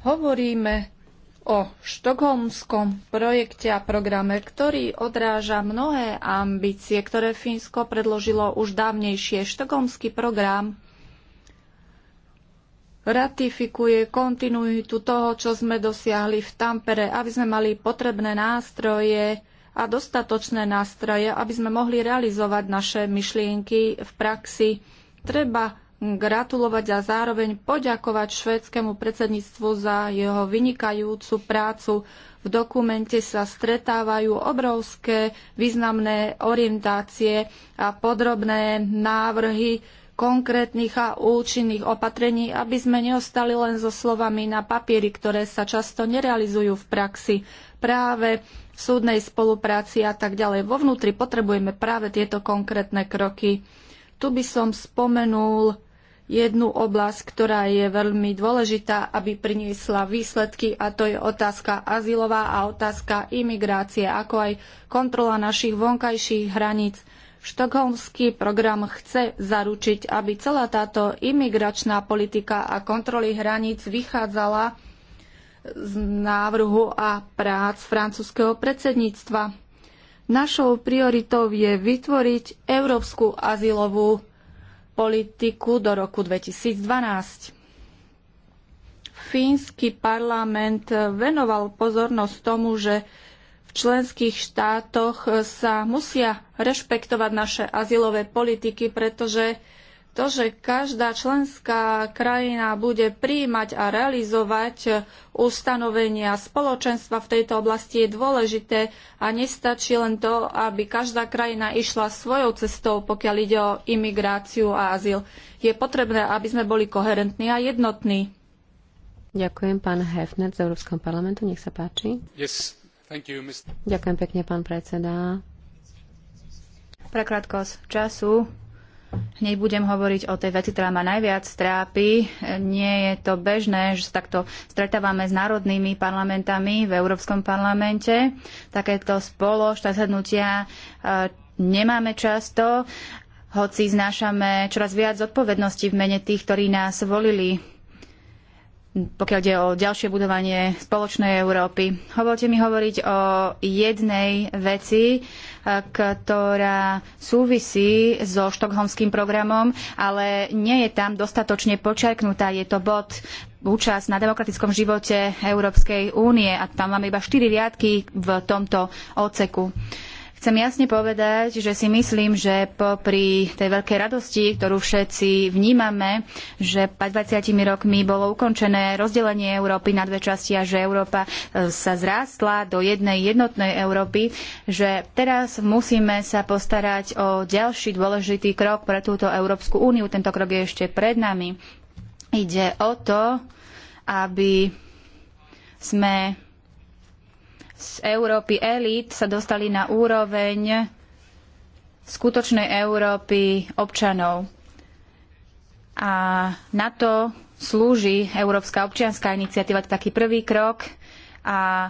Hovoríme o štokholmskom projekte a programe, ktorý odráža mnohé ambície, ktoré Fínsko predložilo už dávnejšie. Štokholmský program ratifikuje kontinuitu toho, čo sme dosiahli v Tampere, aby sme mali potrebné nástroje a dostatočné nástroje, aby sme mohli realizovať naše myšlienky v praxi. Treba gratulovať a zároveň poďakovať švédskému predsedníctvu za jeho vynikajúcu prácu. V dokumente sa stretávajú obrovské významné orientácie a podrobné návrhy konkrétnych a účinných opatrení, aby sme neostali len so slovami na papieri, ktoré sa často nerealizujú v praxi. Práve v súdnej spolupráci a tak ďalej. Vo vnútri potrebujeme práve tieto konkrétne kroky. Tu by som spomenul jednu oblasť, ktorá je veľmi dôležitá, aby priniesla výsledky a to je otázka azylová a otázka imigrácie, ako aj kontrola našich vonkajších hraníc. Štokholmský program chce zaručiť, aby celá táto imigračná politika a kontroly hraníc vychádzala z návrhu a prác francúzského predsedníctva. Našou prioritou je vytvoriť európsku azylovú politiku do roku 2012. Fínsky parlament venoval pozornosť tomu, že v členských štátoch sa musia rešpektovať naše azylové politiky, pretože to, že každá členská krajina bude príjmať a realizovať ustanovenia spoločenstva v tejto oblasti je dôležité a nestačí len to, aby každá krajina išla svojou cestou, pokiaľ ide o imigráciu a azyl. Je potrebné, aby sme boli koherentní a jednotní. Ďakujem, pán Hefner z Európskeho parlamentu. Nech sa páči. Yes, you, Ďakujem pekne, pán predseda. Pre krátkosť času Hneď budem hovoriť o tej veci, ktorá ma najviac trápi. Nie je to bežné, že sa takto stretávame s národnými parlamentami v Európskom parlamente. Takéto spoločné sednutia e, nemáme často, hoci znášame čoraz viac zodpovedností v mene tých, ktorí nás volili pokiaľ ide o ďalšie budovanie spoločnej Európy. Hovolte mi hovoriť o jednej veci, e, ktorá súvisí so štokholmským programom, ale nie je tam dostatočne počerknutá. Je to bod účasť na demokratickom živote Európskej únie a tam máme iba štyri riadky v tomto oceku. Chcem jasne povedať, že si myslím, že popri tej veľkej radosti, ktorú všetci vnímame, že 20 rokmi bolo ukončené rozdelenie Európy na dve časti a že Európa e, sa zrástla do jednej jednotnej Európy, že teraz musíme sa postarať o ďalší dôležitý krok pre túto Európsku úniu. Tento krok je ešte pred nami. Ide o to, aby sme z Európy elít sa dostali na úroveň skutočnej Európy občanov. A na to slúži Európska občianská iniciatíva, to taký prvý krok a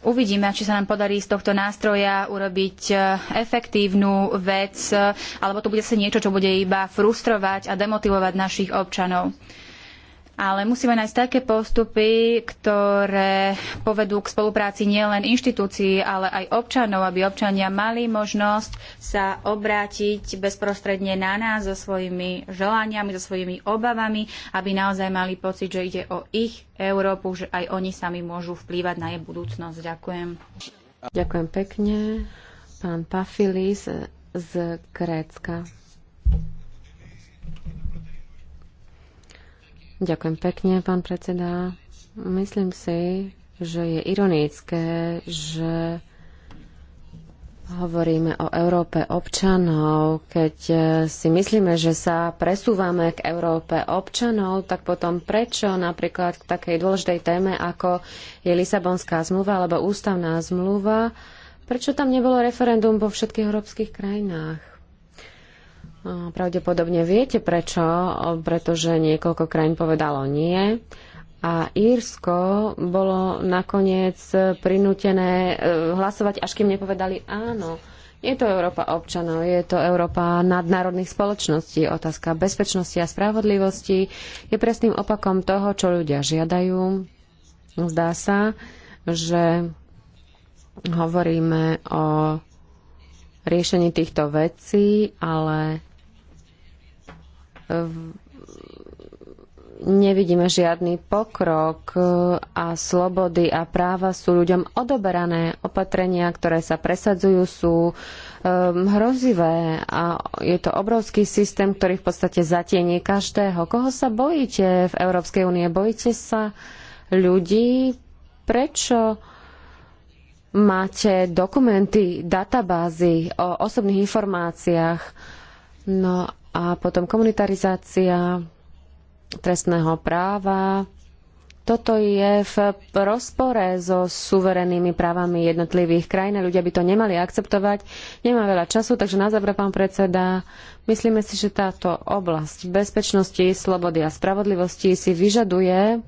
Uvidíme, či sa nám podarí z tohto nástroja urobiť e, efektívnu vec, e, alebo to bude sa niečo, čo bude iba frustrovať a demotivovať našich občanov ale musíme nájsť také postupy, ktoré povedú k spolupráci nielen inštitúcií, ale aj občanov, aby občania mali možnosť sa obrátiť bezprostredne na nás so svojimi želaniami, so svojimi obavami, aby naozaj mali pocit, že ide o ich Európu, že aj oni sami môžu vplývať na jej budúcnosť. Ďakujem. Ďakujem pekne. Pán Pafilis z Grécka. Ďakujem pekne, pán predseda. Myslím si, že je ironické, že hovoríme o Európe občanov. Keď eh, si myslíme, že sa presúvame k Európe občanov, tak potom prečo napríklad k takej dôležitej téme, ako je Lisabonská zmluva alebo ústavná zmluva, prečo tam nebolo referendum vo všetkých európskych krajinách? Pravdepodobne viete prečo, pretože niekoľko krajín povedalo nie a Írsko bolo nakoniec prinútené e, hlasovať, až kým nepovedali áno. Je to Európa občanov, je to Európa nadnárodných spoločností. Otázka bezpečnosti a spravodlivosti je presným opakom toho, čo ľudia žiadajú. Zdá sa, že hovoríme o riešení týchto vecí, ale nevidíme žiadny pokrok a slobody a práva sú ľuďom odoberané. Opatrenia, ktoré sa presadzujú, sú um, hrozivé a je to obrovský systém, ktorý v podstate zatieni každého. Koho sa bojíte v Európskej únie? Bojíte sa ľudí? Prečo máte dokumenty, databázy o osobných informáciách? No a potom komunitarizácia trestného práva. Toto je v rozpore so suverennými právami jednotlivých krajín ľudia by to nemali akceptovať. Nemá veľa času, takže na záver, pán predseda, myslíme si, že táto oblasť bezpečnosti, slobody a spravodlivosti si vyžaduje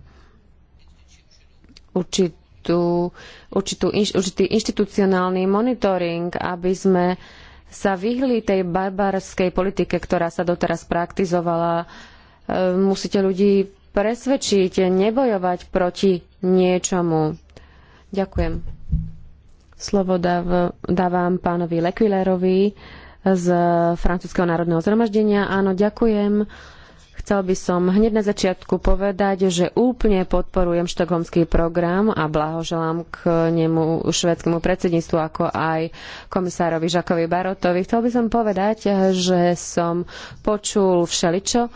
určitú, určitú, určitý inštitucionálny monitoring, aby sme sa vyhli tej barbarskej politike, ktorá sa doteraz praktizovala. E, musíte ľudí presvedčiť, nebojovať proti niečomu. Ďakujem. Slovo dáv, dávam pánovi Lequillerovi z Francúzského národného zhromaždenia. Áno, ďakujem. Chcel by som hneď na začiatku povedať, že úplne podporujem štokholmský program a blahoželám k nemu švedskému predsedníctvu, ako aj komisárovi Žakovi Barotovi. Chcel by som povedať, že som počul všeličo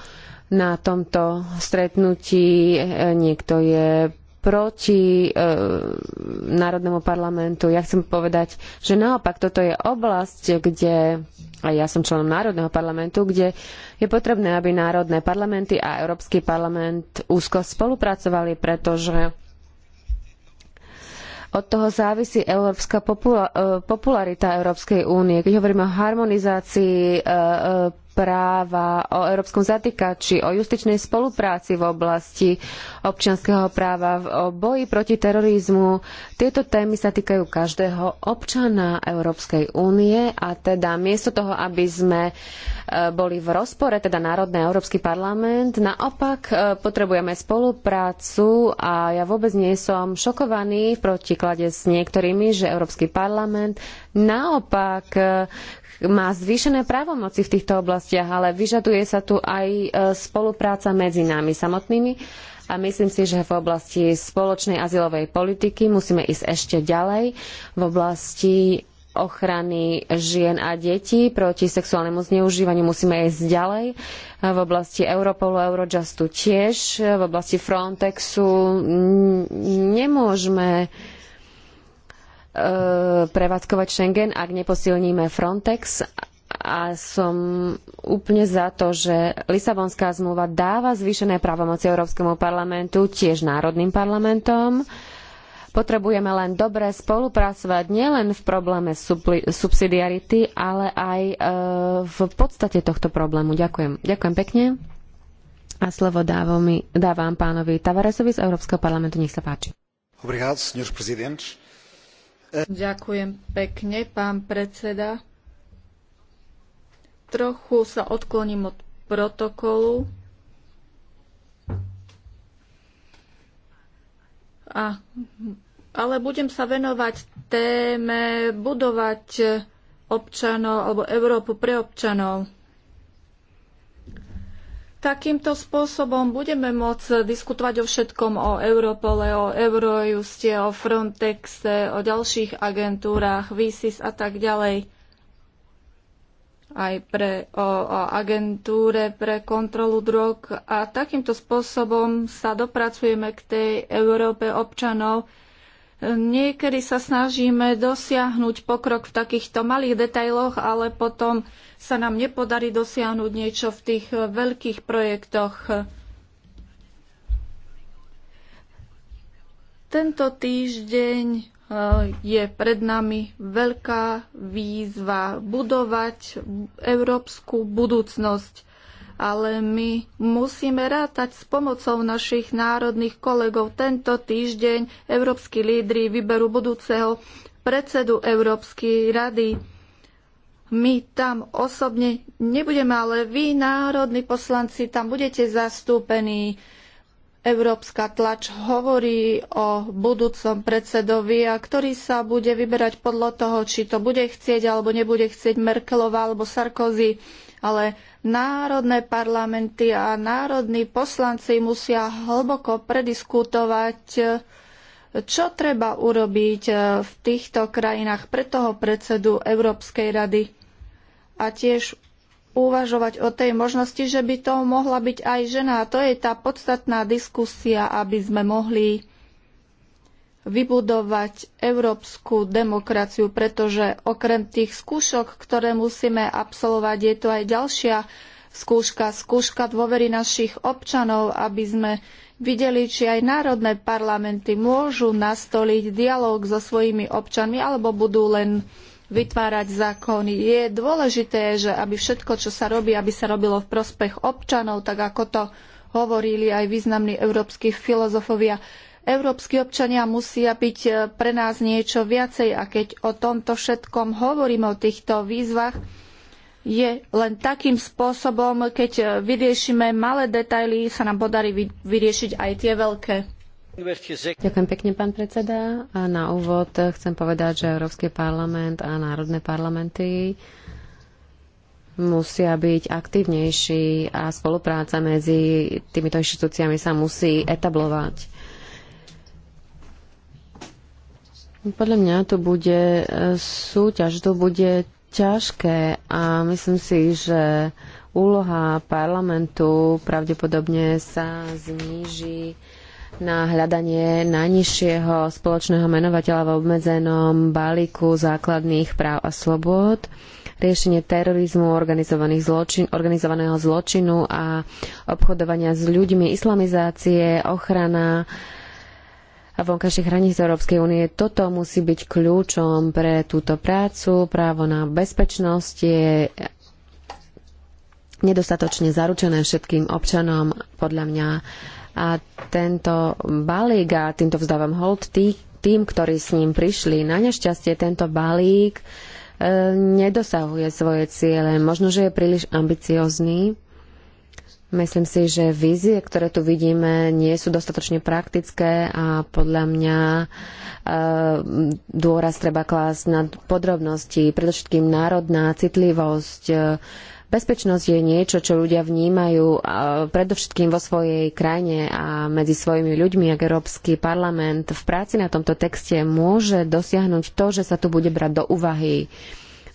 na tomto stretnutí. Niekto je proti e, Národnému parlamentu. Ja chcem povedať, že naopak toto je oblasť, kde, a ja som členom Národného parlamentu, kde je potrebné, aby národné parlamenty a Európsky parlament úzko spolupracovali, pretože od toho závisí európska e, popularita Európskej únie. Keď hovoríme o harmonizácii e, e, práva, o európskom zatýkači, o justičnej spolupráci v oblasti občianskeho práva, o boji proti terorizmu. Tieto témy sa týkajú každého občana Európskej únie a teda miesto toho, aby sme e, boli v rozpore, teda Národný a Európsky parlament, naopak e, potrebujeme spoluprácu a ja vôbec nie som šokovaný v protiklade s niektorými, že Európsky parlament naopak e, má zvýšené právomoci v týchto oblastiach, ale vyžaduje sa tu aj e, spolupráca medzi nami samotnými a myslím si, že v oblasti spoločnej azylovej politiky musíme ísť ešte ďalej v oblasti ochrany žien a detí proti sexuálnemu zneužívaniu musíme ísť ďalej. V oblasti Europolu, Eurojustu tiež, v oblasti Frontexu nemôžeme E, prevádzkovať Schengen, ak neposilníme Frontex. A som úplne za to, že Lisabonská zmluva dáva zvýšené právomoci Európskemu parlamentu, tiež národným parlamentom. Potrebujeme len dobre spolupracovať nielen v probléme subsidiarity, ale aj e, v podstate tohto problému. Ďakujem. Ďakujem pekne. A slovo dávam, dávam pánovi Tavaresovi z Európskeho parlamentu. Nech sa páči. Obrigado, senhor presidente. Ďakujem pekne, pán predseda. Trochu sa odkloním od protokolu. A, ale budem sa venovať téme budovať občanov alebo Európu pre občanov. Takýmto spôsobom budeme môcť diskutovať o všetkom, o Europole, o Eurojuste, o Frontexe, o ďalších agentúrách, VISIS a tak ďalej. Aj pre, o, o agentúre pre kontrolu drog. A takýmto spôsobom sa dopracujeme k tej Európe občanov, Niekedy sa snažíme dosiahnuť pokrok v takýchto malých detailoch, ale potom sa nám nepodarí dosiahnuť niečo v tých veľkých projektoch. Tento týždeň e, je pred nami veľká výzva budovať európsku budúcnosť ale my musíme rátať s pomocou našich národných kolegov. Tento týždeň európsky lídry vyberú budúceho predsedu Európskej rady. My tam osobne nebudeme, ale vy, národní poslanci, tam budete zastúpení. Európska tlač hovorí o budúcom predsedovi, a ktorý sa bude vyberať podľa toho, či to bude chcieť alebo nebude chcieť Merkelova alebo Sarkozy ale národné parlamenty a národní poslanci musia hlboko prediskutovať, čo treba urobiť eh, v týchto krajinách pre toho predsedu Európskej rady a tiež uvažovať o tej možnosti, že by to mohla byť aj žena. A to je tá podstatná diskusia, aby sme mohli vybudovať európsku demokraciu, pretože okrem tých skúšok, ktoré musíme absolvovať, je to aj ďalšia skúška, skúška dôvery našich občanov, aby sme videli, či aj národné parlamenty môžu nastoliť dialog so svojimi občanmi alebo budú len vytvárať zákony. Je dôležité, že aby všetko, čo sa robí, aby sa robilo v prospech občanov, tak ako to hovorili aj významní európsky filozofovia. Európsky občania musia byť e, pre nás niečo viacej a keď o tomto všetkom hovoríme, o týchto výzvach, je len takým spôsobom, keď e, vyriešime malé detaily, sa nám podarí vyriešiť aj tie veľké. Ďakujem pekne, pán predseda. A na úvod chcem povedať, že Európsky parlament a národné parlamenty musia byť aktívnejší a spolupráca medzi týmito inštitúciami sa musí etablovať. Podľa mňa to bude e, súťaž, to bude ťažké a myslím si, že úloha parlamentu pravdepodobne sa zníži na hľadanie najnižšieho spoločného menovateľa v obmedzenom balíku základných práv a slobod, riešenie terorizmu, zločin, organizovaného zločinu a obchodovania s ľuďmi, islamizácie, ochrana a vonkajších hraníc Európskej únie. Toto musí byť kľúčom pre túto prácu. Právo na bezpečnosť je nedostatočne zaručené všetkým občanom, podľa mňa. A tento balík, a týmto vzdávam hold tý, tým, ktorí s ním prišli, na nešťastie tento balík e, nedosahuje svoje ciele. Možno, že je príliš ambiciozný, Myslím si, že vízie, ktoré tu vidíme, nie sú dostatočne praktické a podľa mňa e, dôraz treba klásť na podrobnosti, predovšetkým národná citlivosť. Bezpečnosť je niečo, čo ľudia vnímajú e, predovšetkým vo svojej krajine a medzi svojimi ľuďmi, ak Európsky parlament v práci na tomto texte môže dosiahnuť to, že sa tu bude brať do úvahy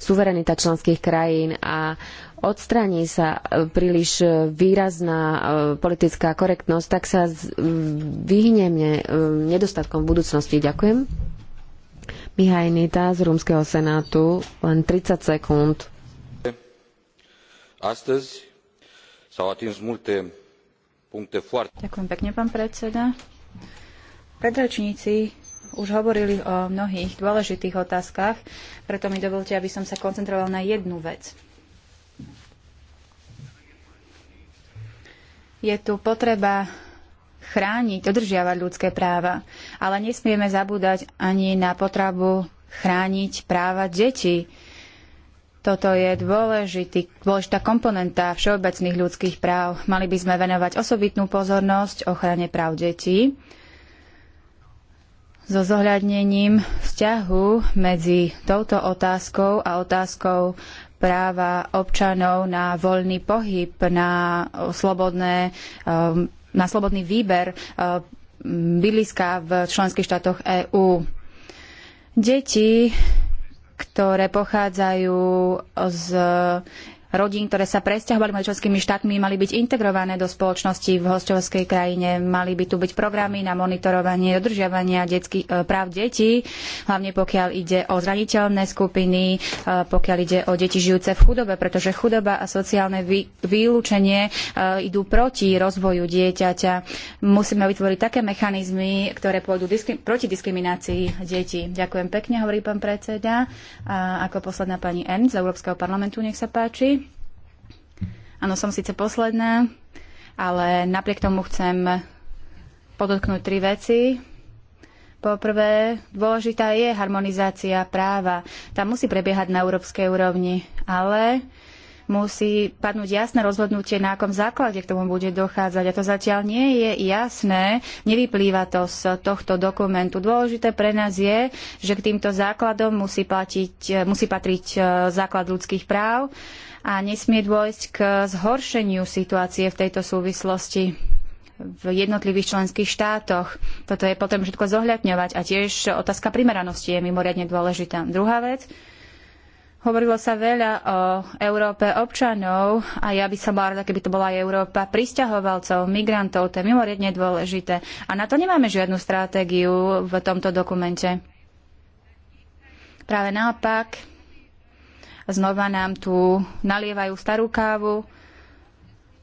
suverenita členských krajín a odstraní sa e, príliš e, výrazná e, politická korektnosť, tak sa vyhneme nedostatkom v budúcnosti. Ďakujem. Mihaj Nita z Rúmskeho senátu, len 30 sekúnd. Astăzi s-au atins multe puncte foarte... Ďakujem pekne, pán predseda. Predrečníci už hovorili o mnohých dôležitých otázkach, preto mi dovolte, aby som sa koncentroval na jednu vec. je tu potreba chrániť, dodržiavať ľudské práva, ale nesmieme zabúdať ani na potrebu chrániť práva detí. Toto je dôležitý, dôležitá komponenta všeobecných ľudských práv. Mali by sme venovať osobitnú pozornosť ochrane práv detí so zohľadnením vzťahu medzi touto otázkou a otázkou práva občanov na voľný pohyb, na, slobodné, um, na slobodný výber uh, bydliska v členských štátoch EÚ. Deti ktoré pochádzajú z rodín, ktoré sa presťahovali medzi členskými štátmi, mali byť integrované do spoločnosti v hostovskej krajine. Mali by tu byť programy na monitorovanie dodržiavania detský, e, práv detí, hlavne pokiaľ ide o zraniteľné skupiny, e, pokiaľ ide o deti žijúce v chudobe, pretože chudoba a sociálne vylúčenie e, idú proti rozvoju dieťaťa. Musíme vytvoriť také mechanizmy, ktoré pôjdu diskri- proti diskriminácii detí. Ďakujem pekne, hovorí pán predseda. A ako posledná pani N z Európskeho parlamentu, nech sa páči. Áno, som síce posledná, ale napriek tomu chcem podotknúť tri veci. Poprvé, dôležitá je harmonizácia práva. Tá musí prebiehať na európskej úrovni, ale musí padnúť jasné rozhodnutie, na akom základe k tomu bude dochádzať. A to zatiaľ nie je jasné, nevyplýva to z tohto dokumentu. Dôležité pre nás je, že k týmto základom musí, platiť, musí patriť e, základ ľudských práv a nesmie dôjsť k zhoršeniu situácie v tejto súvislosti v jednotlivých členských štátoch. Toto je potom všetko zohľadňovať a tiež otázka primeranosti je mimoriadne dôležitá. Druhá vec, Hovorilo sa veľa o Európe občanov a ja by som bola rada, keby to bola aj Európa pristahovalcov, migrantov, to je mimoriadne dôležité. A na to nemáme žiadnu stratégiu v tomto dokumente. Práve naopak, Znova nám tu nalievajú starú kávu,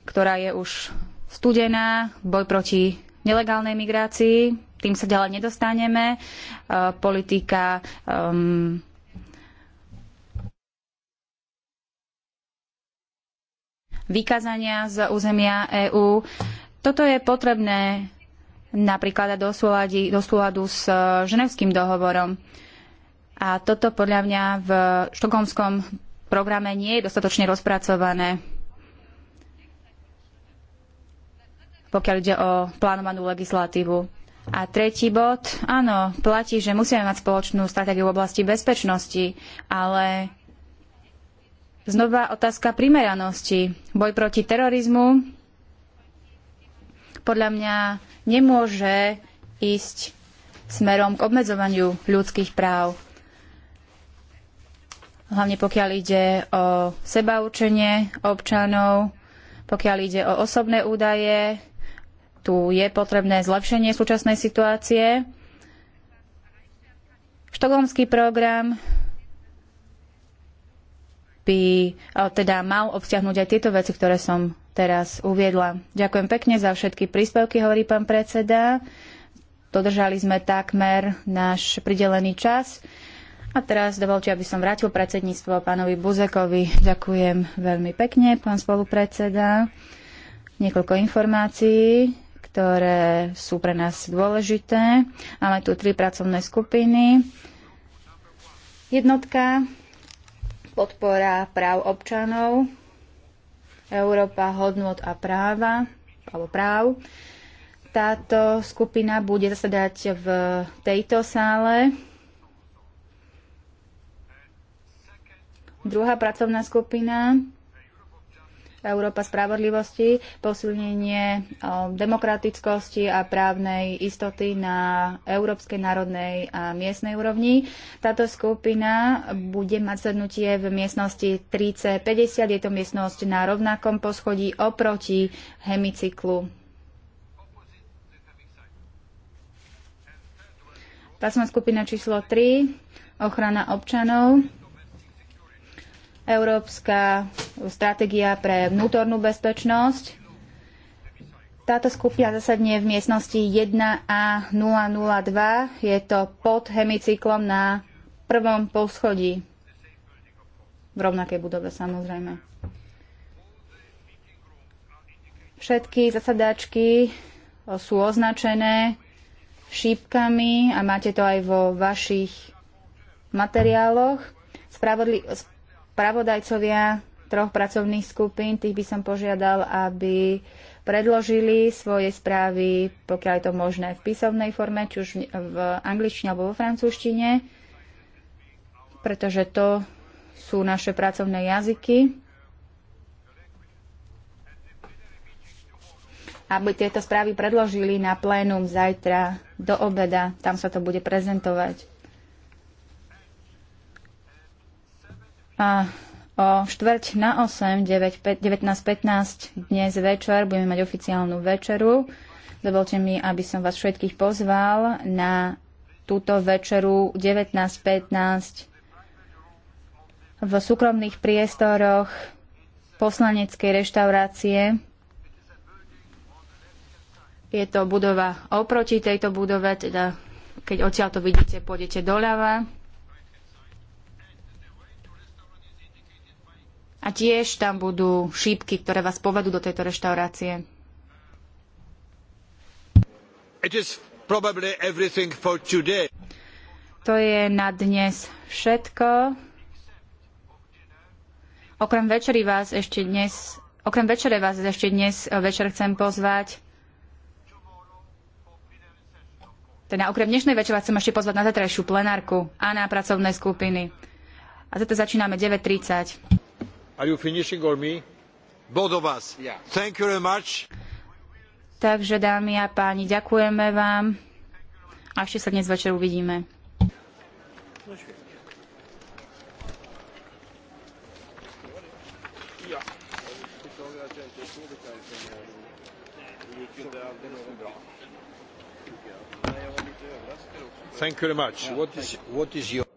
ktorá je už studená, boj proti nelegálnej migrácii, tým sa ďalej nedostaneme. E, politika um, vykazania z územia EÚ. Toto je potrebné napríklad do súladu, s e, ženevským dohovorom. A toto podľa mňa v štokholmskom programe nie je dostatočne rozpracované. pokiaľ ide o plánovanú legislatívu. A tretí bod, áno, platí, že musíme mať spoločnú stratégiu v oblasti bezpečnosti, ale znova otázka primeranosti. Boj proti terorizmu podľa mňa nemôže ísť smerom k obmedzovaniu ľudských práv hlavne pokiaľ ide o sebaúčenie občanov, pokiaľ ide o osobné údaje, tu je potrebné zlepšenie súčasnej situácie. Štokholmský program by e, teda mal obsiahnuť aj tieto veci, ktoré som teraz uviedla. Ďakujem pekne za všetky príspevky, hovorí pán predseda. Dodržali sme takmer náš pridelený čas. A teraz dovolte, aby som vrátil predsedníctvo pánovi Buzekovi. Ďakujem veľmi pekne, pán spolupredseda. Niekoľko informácií, ktoré sú pre nás dôležité. Máme tu tri pracovné skupiny. Jednotka, podpora práv občanov, Európa hodnot a práva, alebo práv. Táto skupina bude zasadať v tejto sále Druhá pracovná skupina Európa spravodlivosti, posilnenie demokratickosti a právnej istoty na európskej, národnej a miestnej úrovni. Táto skupina bude mať sednutie v miestnosti 3C50. Je to miestnosť na rovnakom poschodí oproti hemicyklu. Pracovná skupina číslo 3, ochrana občanov. Európska stratégia pre vnútornú bezpečnosť. Táto skupina zasadne v miestnosti 1A002. Je to pod hemicyklom na prvom poschodí. V rovnakej budove samozrejme. Všetky zasadáčky sú označené šípkami a máte to aj vo vašich materiáloch. Spravodli- spravodajcovia troch pracovných skupín, tých by som požiadal, aby predložili svoje správy, pokiaľ je to možné, v písomnej forme, či už v angličtine alebo vo francúzštine, pretože to sú naše pracovné jazyky. Aby tieto správy predložili na plénum zajtra do obeda, tam sa to bude prezentovať. A o štvrť na 8, 19.15 dnes večer budeme mať oficiálnu večeru. Dovolte mi, aby som vás všetkých pozval na túto večeru 19.15 v súkromných priestoroch poslaneckej reštaurácie. Je to budova oproti tejto budove, teda keď odtiaľ to vidíte, pôjdete doľava. A tiež tam budú šípky, ktoré vás povedú do tejto reštaurácie. To je na dnes všetko. Okrem večery vás ešte dnes, okrem večere vás ešte dnes večer chcem pozvať Teda okrem dnešnej večera chcem ešte pozvať na zatrajšiu plenárku a na pracovné skupiny. A zatiaľ začíname 9.30. Takže dámy a páni, ďakujeme vám a ešte sa dnes večer uvidíme. Thank you very much. What is, what is your...